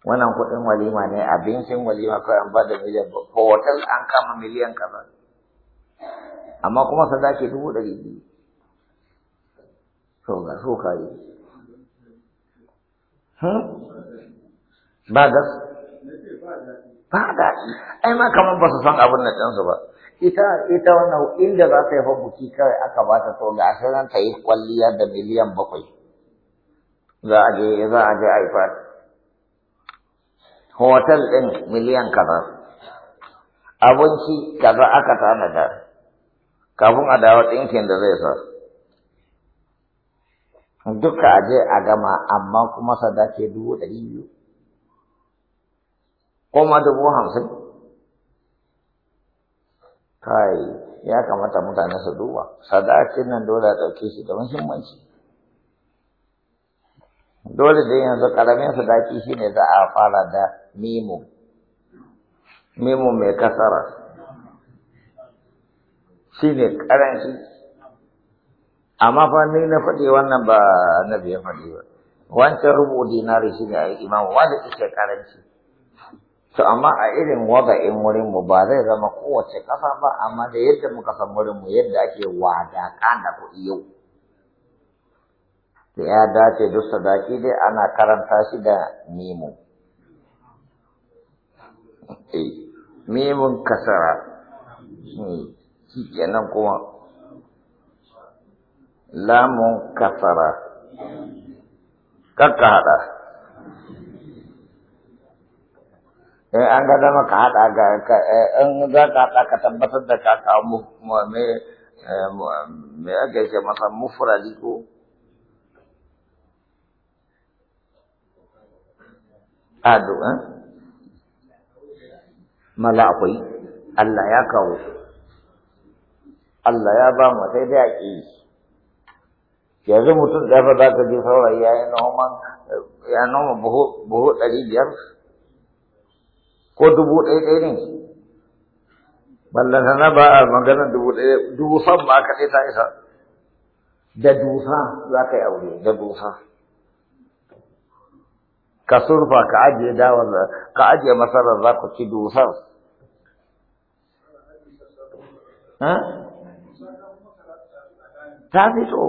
wannan kuɗin walima ne abincin walima kawai an bada miliyan ba ko hotel an kama miliyan kaza amma kuma sadaki dubu ɗari biyu to ga so kayi hmm? ba gas ba daɗi ai ma kamar ba su san abin da ɗansu ba ita ita wannan inda za ta yi buki kawai aka ba ta to ga ashirin ta yi kwalliya da miliyan bakwai za a je za a je a yi hotel ɗin miliyan kaza abinci kaza aka tanada kafin a dawo ɗinkin da zai sa duka a a gama amma kuma sadaki dubu ɗari biyu kuma dubu hamsin kai ya kamata mutane su duba sadakin nan dole a ɗauke shi da muhimmanci dole da yanzu karamin sadaki shine za a fara da mimu mimu mai kasara shine karanci amma fa ni na faɗi wannan ba annabi ya faɗi ba wancan rubu dinari shine a iman wanda ke karanci to amma a irin wada'in wurin mu ba zai zama kowace kasa ba amma da yadda muka san wurin mu yadda ake wadaƙa da kuɗi yau ya dace duk sadaki dai ana karanta shi da mimu eh, mimun kasara hmm, shi kenan kuma lamun kasara kakka haɗa in eh, an ga dama ka haɗa ga eh, in za ka haɗa ka tabbatar da ka kawo mai ake ce masa mufradi ko addu'a eh? mala akwai Allah ya kawo Allah ya ba mu sai da yaƙi yanzu mutum da fa za ka je saurayi ya yi noman ya noma buhu ɗari biyar ko dubu ɗaya ɗaya ne ballanta na ba a maganar dubu ɗaya dubu san ba ka ta isa da dusa za ka yi aure da dusa ka surfa ka ajiye dawar ka ajiye masarar za ku ci dusar ta fito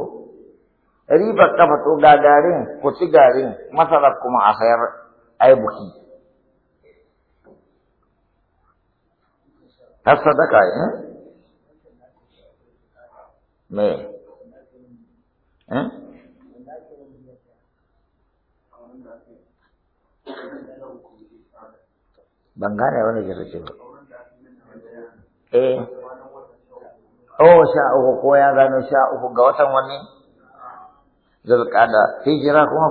ribar kafa to ga garin ku ci garin masarar kuma a sayar ai buki har sadaka eh me eh? ban gane wani ke ce ba eh oh sha uku ko ya gano sha uku ga watan wani zulkada hijira kuma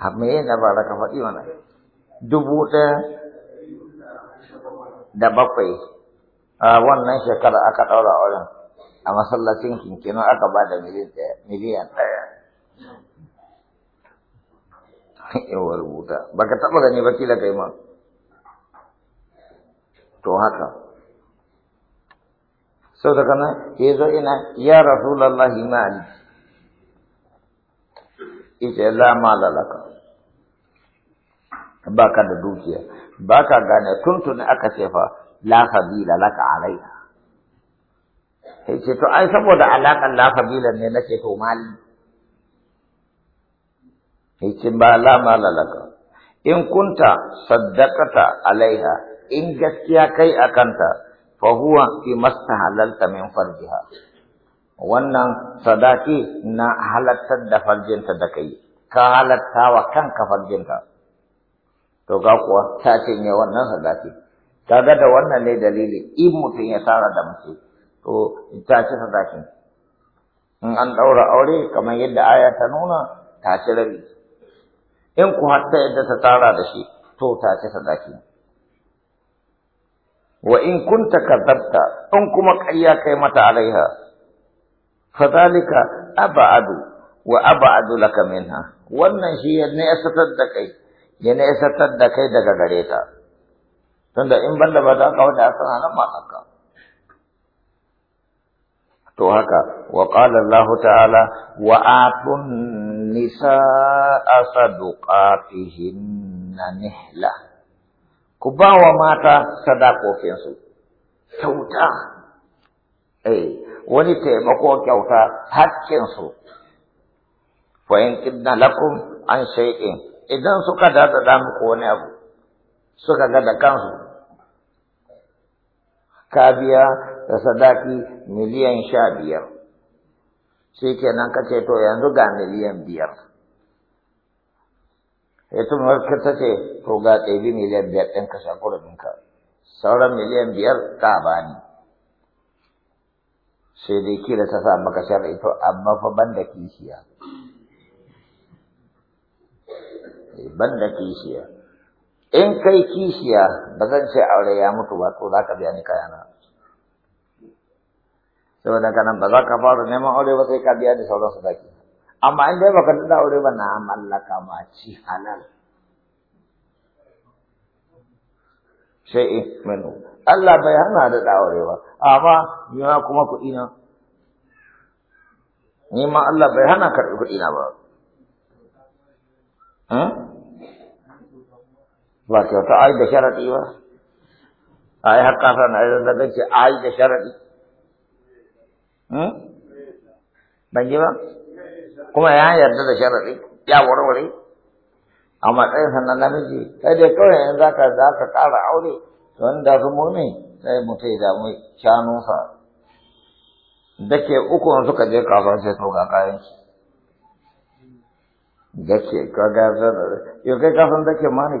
fa yi na ba da ka faɗi mana dubu ɗaya da bakwai a wannan shekara aka ɗaura auren a masallacin kinkinu aka ba da miliyan ɗaya yawa rubuta baka taba gani ba kila kai ma to haka sau da kana ya zo ina ya rasu lallahi rasulallahi ne ita la mala ba baka da dukiya baka gane tuntuni aka ce fa la sabila laka alaiha sai ce to ai saboda alakan la sabila ne nake to mali yace ba la malalaka in kunta saddaqata alaiha in gaskiya kai akanta fa huwa fi mastahalalta min farjiha wannan sadaki na halattar da farjinta da kai ka halatta wa kanka farjinta to ga kuwa ta cinye wannan sadaki kaga da wannan ne dalili in mutum ya tara da mace to ta ci sadakin in an ɗaura aure kamar yadda aya ta nuna ta ci rabi in ku hatta yadda ta tara da shi to ta ci sadaki wa in kunta kadabta in kuma kayya kai mata alaiha zalika abadu wa abadu laka minha wannan shi ya nesatar da kai ya nesatar da kai daga gare ta tunda in banda ba za ka wani asana nan ma to haka wa qala Allah ta'ala wa atun fihin na nihla ku ba wa mata sadakokin fensu kyauta eh wani taimako kyauta hakkin su fa in lakum an shay'in idan suka dada da muku wani abu suka ga da kansu ka biya da sadaki miliyan sha biyar shi kenan ka ce to yanzu ga miliyan biyar Ita tumar ka ta ce to ga ɗabi miliyan biyar ɗin ka sha ɗinka sauran miliyan biyar ka bani sai dai kira ta sa maka sha to amma fa banda kishiya eh, banda kishiya in kai kishiya ba zan ce aure ya mutu ba to za ka biya ni kayana saboda ka nan ba za ka fara neman aure ba sai ka biya da sauran sadaki amma in dai baka da aure ba na mallaka ma ci halal sai in manu Allah bai hana da aure ba amma yana kuma kuɗi na ni ma Allah bai hana karɓi kuɗi na ba hmm? Ka kyauta ai da sharaɗi ba ai kasa na idan da sharaɗi hmm? ban ba kuma ya yarda da sharaɗi ya warware a matsayin sannan namiji sai dai kawai yanzu za ka za ka ƙara aure don da su muni sai mutum ya damu shanunsa dake uku suka je kasuwa sai to dake yau kai kasan dake mani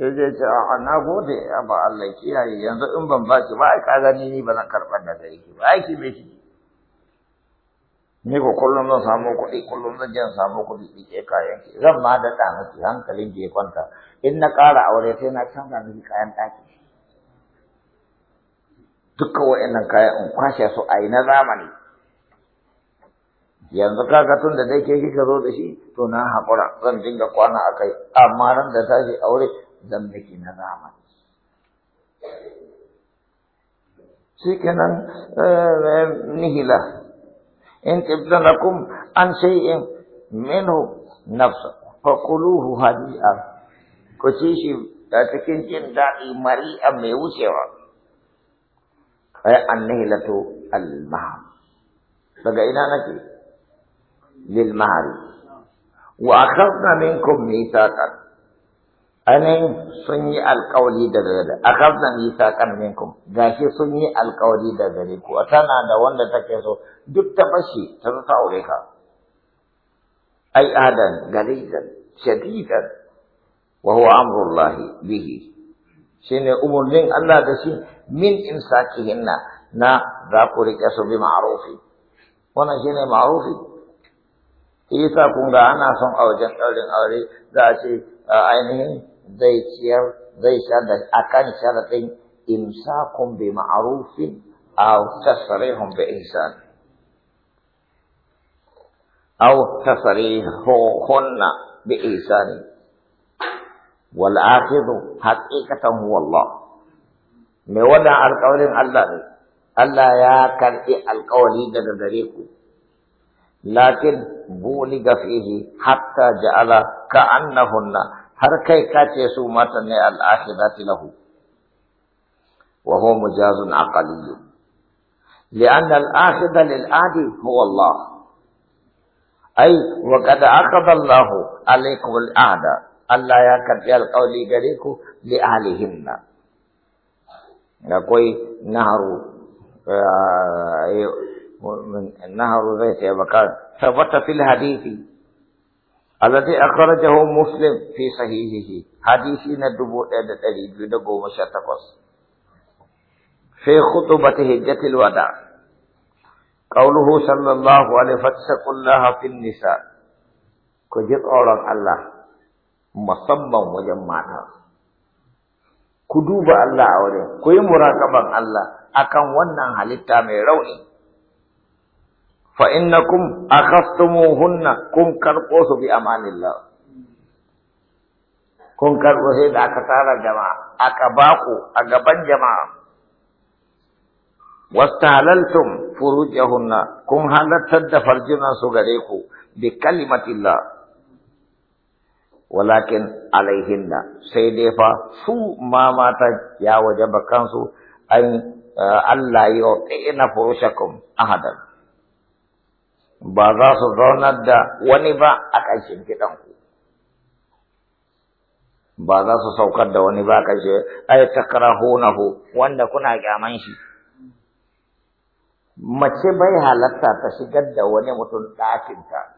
sai zai ce a na gode a ba Allah kiyaye yanzu in ban ba shi ba ai ka gani ni ba zan karɓar da kai ki ba ai ki bai ki ni ko kullum zan samu kuɗi kullum zan je samu kuɗi ki ke kayan ki zan ma da da miki hankalin ki ya kwanta in na ƙara aure sai na canza miki kayan ɗaki dukkan wa'annan kayan in kwashe su a yi na zamani yanzu kaga tun da dai ke kika zo da shi to na haƙura zan dinga kwana a kai amma ran da tashi aure ذنب کی ندامت ٹھیک ہے نا نہیں ان کے بدن ان سے مین نفس فقلوه ہو حاجی اب کچھ ہی تکن چن داری مری اب میو سے ہو وَأَخَذْنَا مِنْكُمْ مِيثَاقًا ainihin sun yi alkawari da gare a kafna nisa Ga gashi sun yi alkawari da gare ku tana da wanda take so duk ta bashi ta ta aure ka ai adan garidan shadidan wa huwa amrullah bihi shine umurnin Allah da shi min hinna na za ku rike su bi ma'rufi wannan shine ma'rufi yasa kun ga ana son a wajen ɗaurin aure za a ce ainihin zai ciyar zai sha da akan sharadin imsakun bi ma'arufin ma'rufin aw tasrihun bi au aw tasrihuhunna bi ihsan wal akhidhu haqiqatan huwa Allah me wannan alƙawarin Allah ne Allah ya karɓi alƙawari daga gare ku lakin buliga fihi hatta ja'ala ka ka'annahunna هر کي کاچي سو ماتني الاخرات له وهو مجاز عقلي لان الاخر للآدي هو الله اي وقد عقد الله عليكم الاعداء ألا يا كاتي القولي غريكو لاهلهن نقول کوئی نهر نهر ذاتي وقال ثبت في الحديث Alladhi akhrajahu Muslim fi sahihihi hadisi na 1218 fi khutubati hijjatil wada qawluhu sallallahu alaihi fatsaqu Allah fil nisa ku ji Allah musamman wajen mata ku duba Allah a wurin ku yi Allah akan wannan halitta mai rauni fa innakum akhastumuhunna kun karɓo su bi amanillah kun karɓo sai da aka tara jama'a aka baku a gaban jama'a wastahalaltum furujahunna kun halartar da farjinan su gare ku bi kalimatillah walakin alaihinna sai dai fa su ma mata ya wajaba kansu an eh, Allah ya na furushakum ahadan ba za su zaunar da wani ba a ƙarshen kiɗanku ba za su saukar da wani ba a ƙarshe ai takrahunahu wanda kuna kyaman shi mace bai halatta ta shigar da wani mutum ɗakinta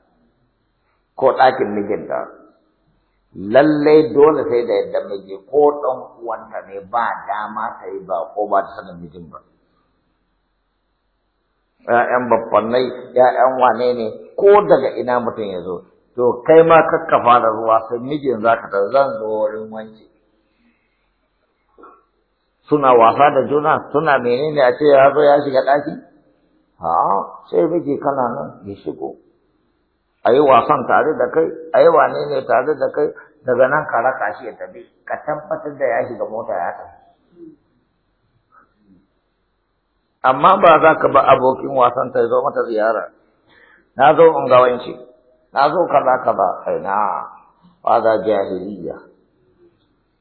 ko ɗakin mijinta lallai dole sai da yadda miji ko ɗan uwanta ne ba dama ta yi ba ko ba ta sanin mijin ba ‘ya'yan babbannai, ‘ya'yan wane ne, ko daga ina mutum ya zo, to kai ma kakka fara ruwa sai mijin za ka zan zo wurin wanki. Suna wasa da juna, suna menene a ce ya zo ya shiga ɗaki? Ha, sai miji kana nan ya shigo. A yi wasan tare da kai, a yi wane ne tare da kai, daga nan ka raka shi ya tafi, ka tabbatar da ya shiga mota ya tafi. amma ba za ka ba abokin wasan ta zo mata ziyara na zo in ga wanci na zo ka ka ba kai na za jahiliya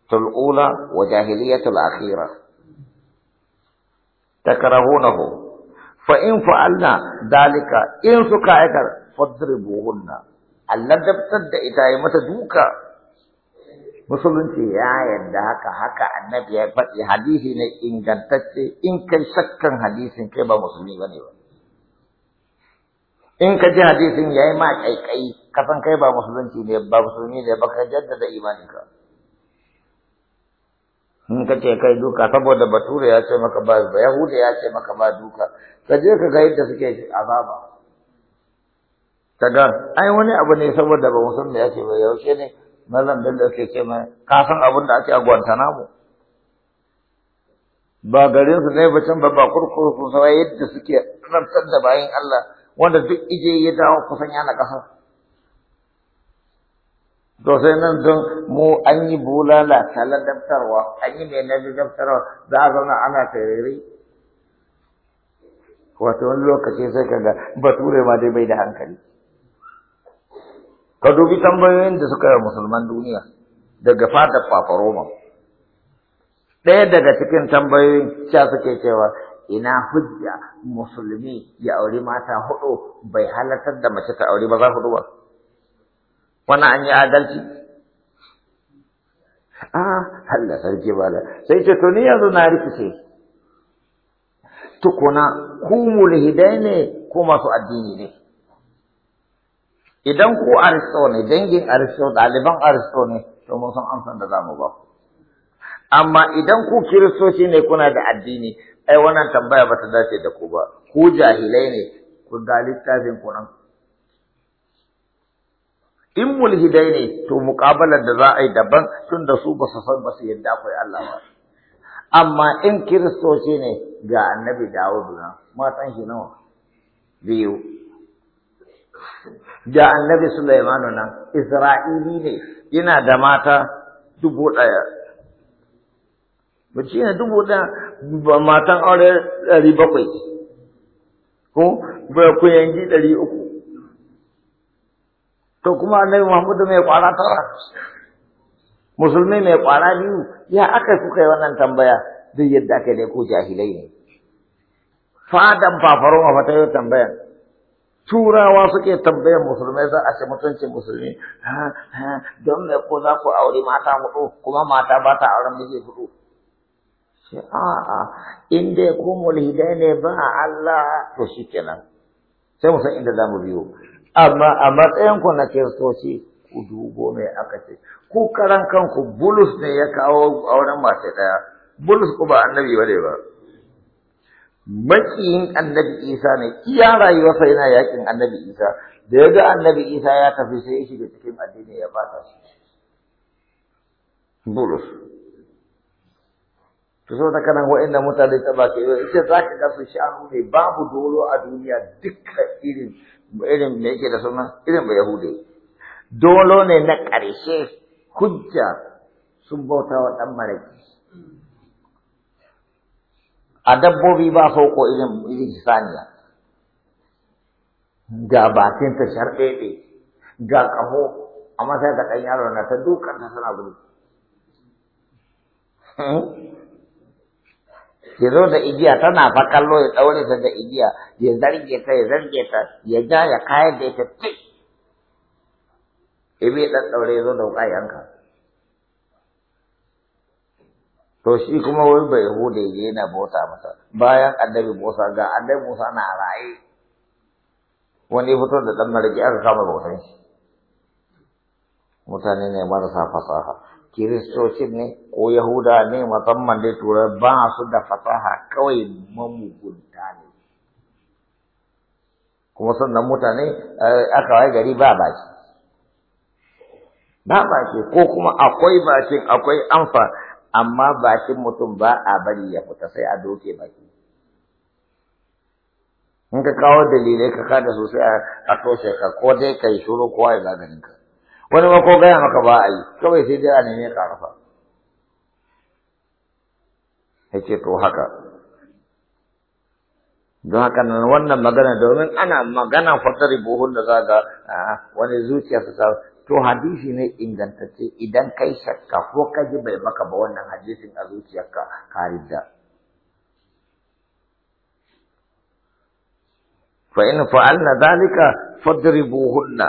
tul ula wa jahiliyatul akhira takrahunahu fa in fa'alna dalika in suka aikar fadribuhunna alladabtar da ita yi mata duka musulunci ya yarda haka haka annabi ya faɗi hadisi ne ingantacce in kai shakkan hadisin kai ba musulmi bane ba in ka ji hadisin ya yi ma kaikai ka san kai ba musulunci ne ba musulmi ne ba ka jaddada imaninka in ka ce kai duka saboda bature ya ce maka ba yahuda ya ce maka ba duka ka je ka ga yadda suke azaba kaga ai wani abu ne saboda ba musulmi ya ce ba yaushe ne Malam da ke ce mai ka san abin da ake a Guantanamo. Ba garinsu su ne ba can ba ba kurkuru su sai yadda suke rantsar da bayan Allah wanda duk ije ya dawo kusan yana kasa To sai nan don mu an yi bulala ta daftarwa, an yi mai daftarwa, za a zauna ana tarere. Wato wani lokaci sai kaga bature ma dai bai da hankali. ka dubi tambayoyin da suka yi musulman duniya daga fatar Roma. ɗaya daga cikin tambayoyin sha suke cewa ina hujja musulmi ya auri mata hudu bai halartar da mace ta auri ba za hudu ba wannan an yi adalci a ah, Allah sarki bala sai ce to ni yanzu na rikice tukuna ku mulhidai ne ko masu addini ne idan ku aristo ne dangin aristo ɗaliban aristo ne to mun san amsan da zamu ba amma idan ku kiristoci ne kuna da addini ai wannan tambaya ba ta dace da ku ba ku jahilai ne ku ga littafin ku nan in mulhidai ne to muƙabalar da za a yi daban tun da su ba su san ba su yadda akwai Allah ba amma in kiristoci ne ga annabi Dawud nan matan shi nawa biyu Da annabi Sulaimanu nan Isra'ili ne yana da mata dubu ɗaya mace yana dubu ɗaya matan aure ɗari bakwai ko ku yanki ɗari uku to kuma annabi Muhammadu mai kwara tara musulmi mai kwara biyu ya aka kuka yi wannan tambaya duk yadda aka ne ko jahilai ne fadan fafaro a fata yau tambayan turawa suke tambayar musulmai za a ce mutuncin musulmi don me ko za ku aure mata hudu kuma mata ba ta auren miji hudu sai a'a in dai ku mulhidai ne ba Allah to shi kenan sai mu inda za mu biyo amma a matsayin ku na kiristoci ku dubo me aka ce ku karan kanku bulus ne ya kawo auren mace daya bulus ku ba annabi bane ba makiyin annabi isa ne iya rayuwarsa yana yakin annabi isa da ya ga annabi isa ya tafi sai ya shiga cikin addini ya bata shi bulus to saboda kana wa'inda mutane ta ba ke ita za ka ga su shanu ne babu dolo a duniya dukkan irin irin me yake da suna irin ba yahude dolo ne na ƙarshe hujja sun bauta wa ɗan maraki a dabbobi ba sauko irin irin saniya ga bakinta sharɗeɗe ga ƙaho a sai ga ɗan yaro na ta dukan ta suna gudu hmm? ya zo da igiya tana fa kallo ya ɗaure ta da igiya ya zarge ta ya zarge ta ya ja ya kayar da ita tik ibi ɗan ɗaure ya zo da wuƙa yanka to shi kuma wai bai hude ya yana bauta masa bayan annabi Musa ga annabi Musa na raye wani fito da dan mariki aka kama bautan shi mutane ne marasa fasaha kiristoci ne ko yahuda ne musamman da turai ba su da fasaha kawai mamugunta ne kuma sannan mutane eh, aka wai gari ba baki ba baki ko kuma akwai bakin akwai amfa amma bakin mutum ba a bari ya fita sai a doke baki in ka kawo dalilai ka kada su sai a toshe ka ko dai kai shuru kowa ya ganin ka wani ma ko gaya maka ba a yi kawai sai dai a neme rafa yake to haka don haka nan wannan magana domin ana magana fatari buhun da zaga wani zuciya ta to hadisi ne ingantacce idan kai shakka ko ka ji bai maka ba wannan hadisin a zuciyarka ka ridda fa fa'alna dhalika fadribuhunna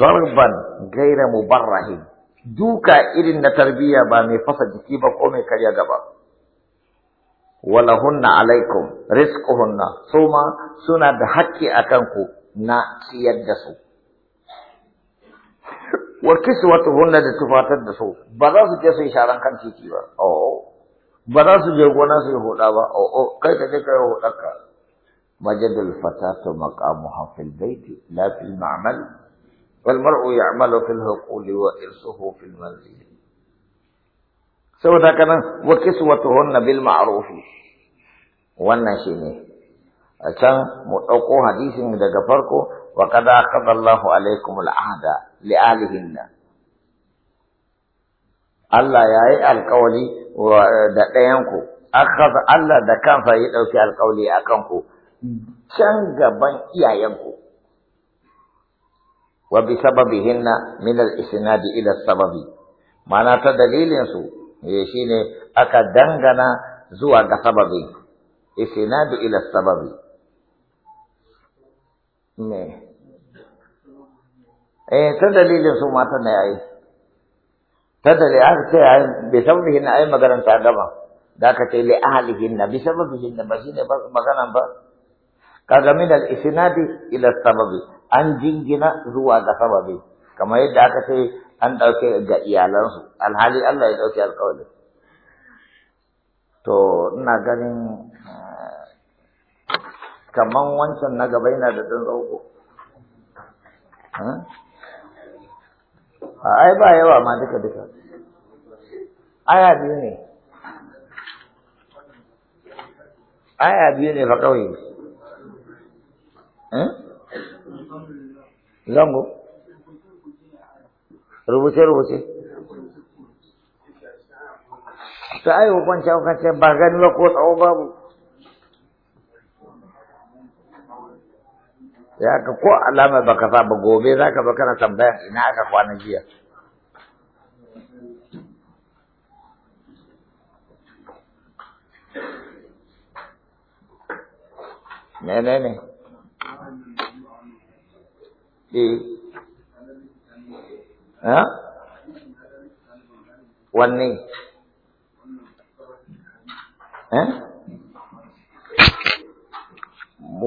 zarban gaira mubarrahin duka irin na tarbiyya ba mai fasa jiki ba ko mai karya gaba walahunna alaikum rizquhunna suma suna da haƙƙi akan ku na ciyar da su wa kiswatuhunna da tufatar da su ba za su je su yi sharan kan titi ba oh ba za su je gona su yi hoda ba oh, oh kai ka je kai hodarka majadul fatatu maqamuha fil baiti la fil ma'mal wal mar'u ya'malu fil huquli wa irsuhu fil manzil saboda kana wa kiswatuhunna bil ma'ruf wannan shine a can mu ɗauko hadisin daga farko وقد أخذ الله عليكم العهد لأهلهن الله يا القولي ودقينكو أخذ الله دكان فيدعو في القولي أكنكو جنجبا إياينكو وبسببهن من الإسناد إلى السبب معنى تدليل سو يشيني أكا دنغنا زوا سببي إسناد إلى السبب نه eh ta dalilin su mata na yayi ta dalilin aka ce bai sababi na ai maganar ta gaba da aka ce li ahlihin na bi na, ba shine ba magana ba kaga min al isnadi ila sababi an jingina zuwa ga sababi kamar yadda aka ce an dauke ga iyalansu alhali Allah ya dauke alƙawari to ina ganin eh, kaman wancan na gaba yana da dan zauko a ai ba yawa ma duka duka aya biyu ne aya biyu ne fa kawai eh? zango rubuce rubuce ta ai hukunce hukunci ba gani ba ko tsawo babu ya ka ko alama baka sa ba gobe za ka ba kana ina aka kwana jiya ne ne ne eh ha wanne eh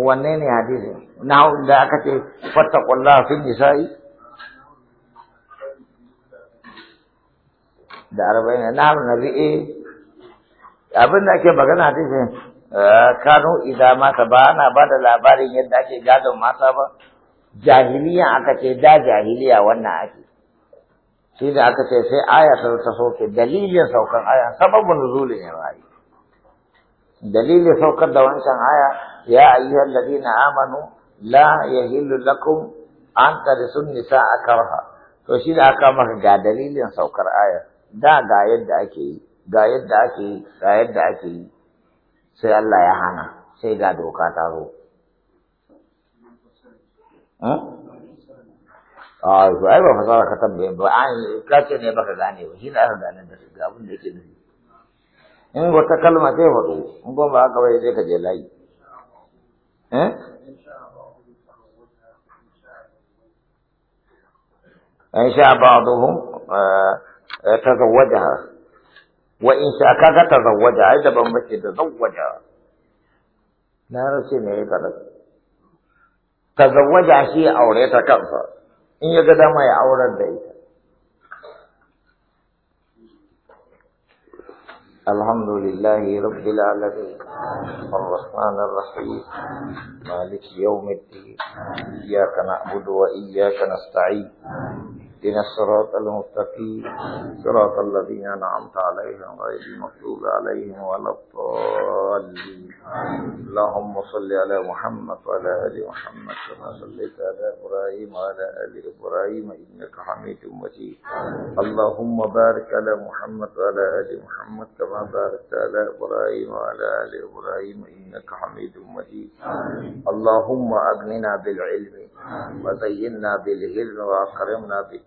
wanne ne hadisi na da aka ce fattaqullaha fi nisa'i da arba'in na nabi'i abin da ake magana cikin eh, kano idan mata ba ana ba da labarin yadda ake gadon mata ba jahiliya aka ce da jahiliya wannan ake shi da aka ce sai aya ta soke dalilin saukan aya sababin nuzulin ya rayu dalilin saukar da wancan aya يا أيها الذين آمنوا لا يهل لكم أن ترثوا النساء كرها فشيل أقامك قا دليل سوكر آية دا قا يد ga قا يد أكي قا يد أكي سي الله يهانا سي ah ai ba fasara ka tambaye ba an ka ce ne baka gane ba shi da aka gane da shi ga abin da yake nufi in wata kalma sai faɗo in ba ka bai sai ka je layi eh in sha ba'dhum eh, eh, tazawwajaha wa in sha kaga tazawwaja ai da ban bace da zawwaja na race me ka da tazawwaja shi aure ta kansa in ya ga dama ya aurar da ita الحمد لله رب العالمين الرحمن الرحيم مالك يوم الدين إياك نعبد وإياك نستعين اهدنا الصراط المستقيم صراط الذين انعمت عليهم غير المغضوب عليهم ولا الضالين اللهم صل على محمد وعلى ال محمد كما صليت على ابراهيم وعلى ال ابراهيم انك حميد مجيد اللهم بارك على محمد وعلى ال محمد كما باركت على ابراهيم وعلى ال ابراهيم انك حميد مجيد اللهم اغننا بالعلم وزينا بالهلم واكرمنا بالتقوى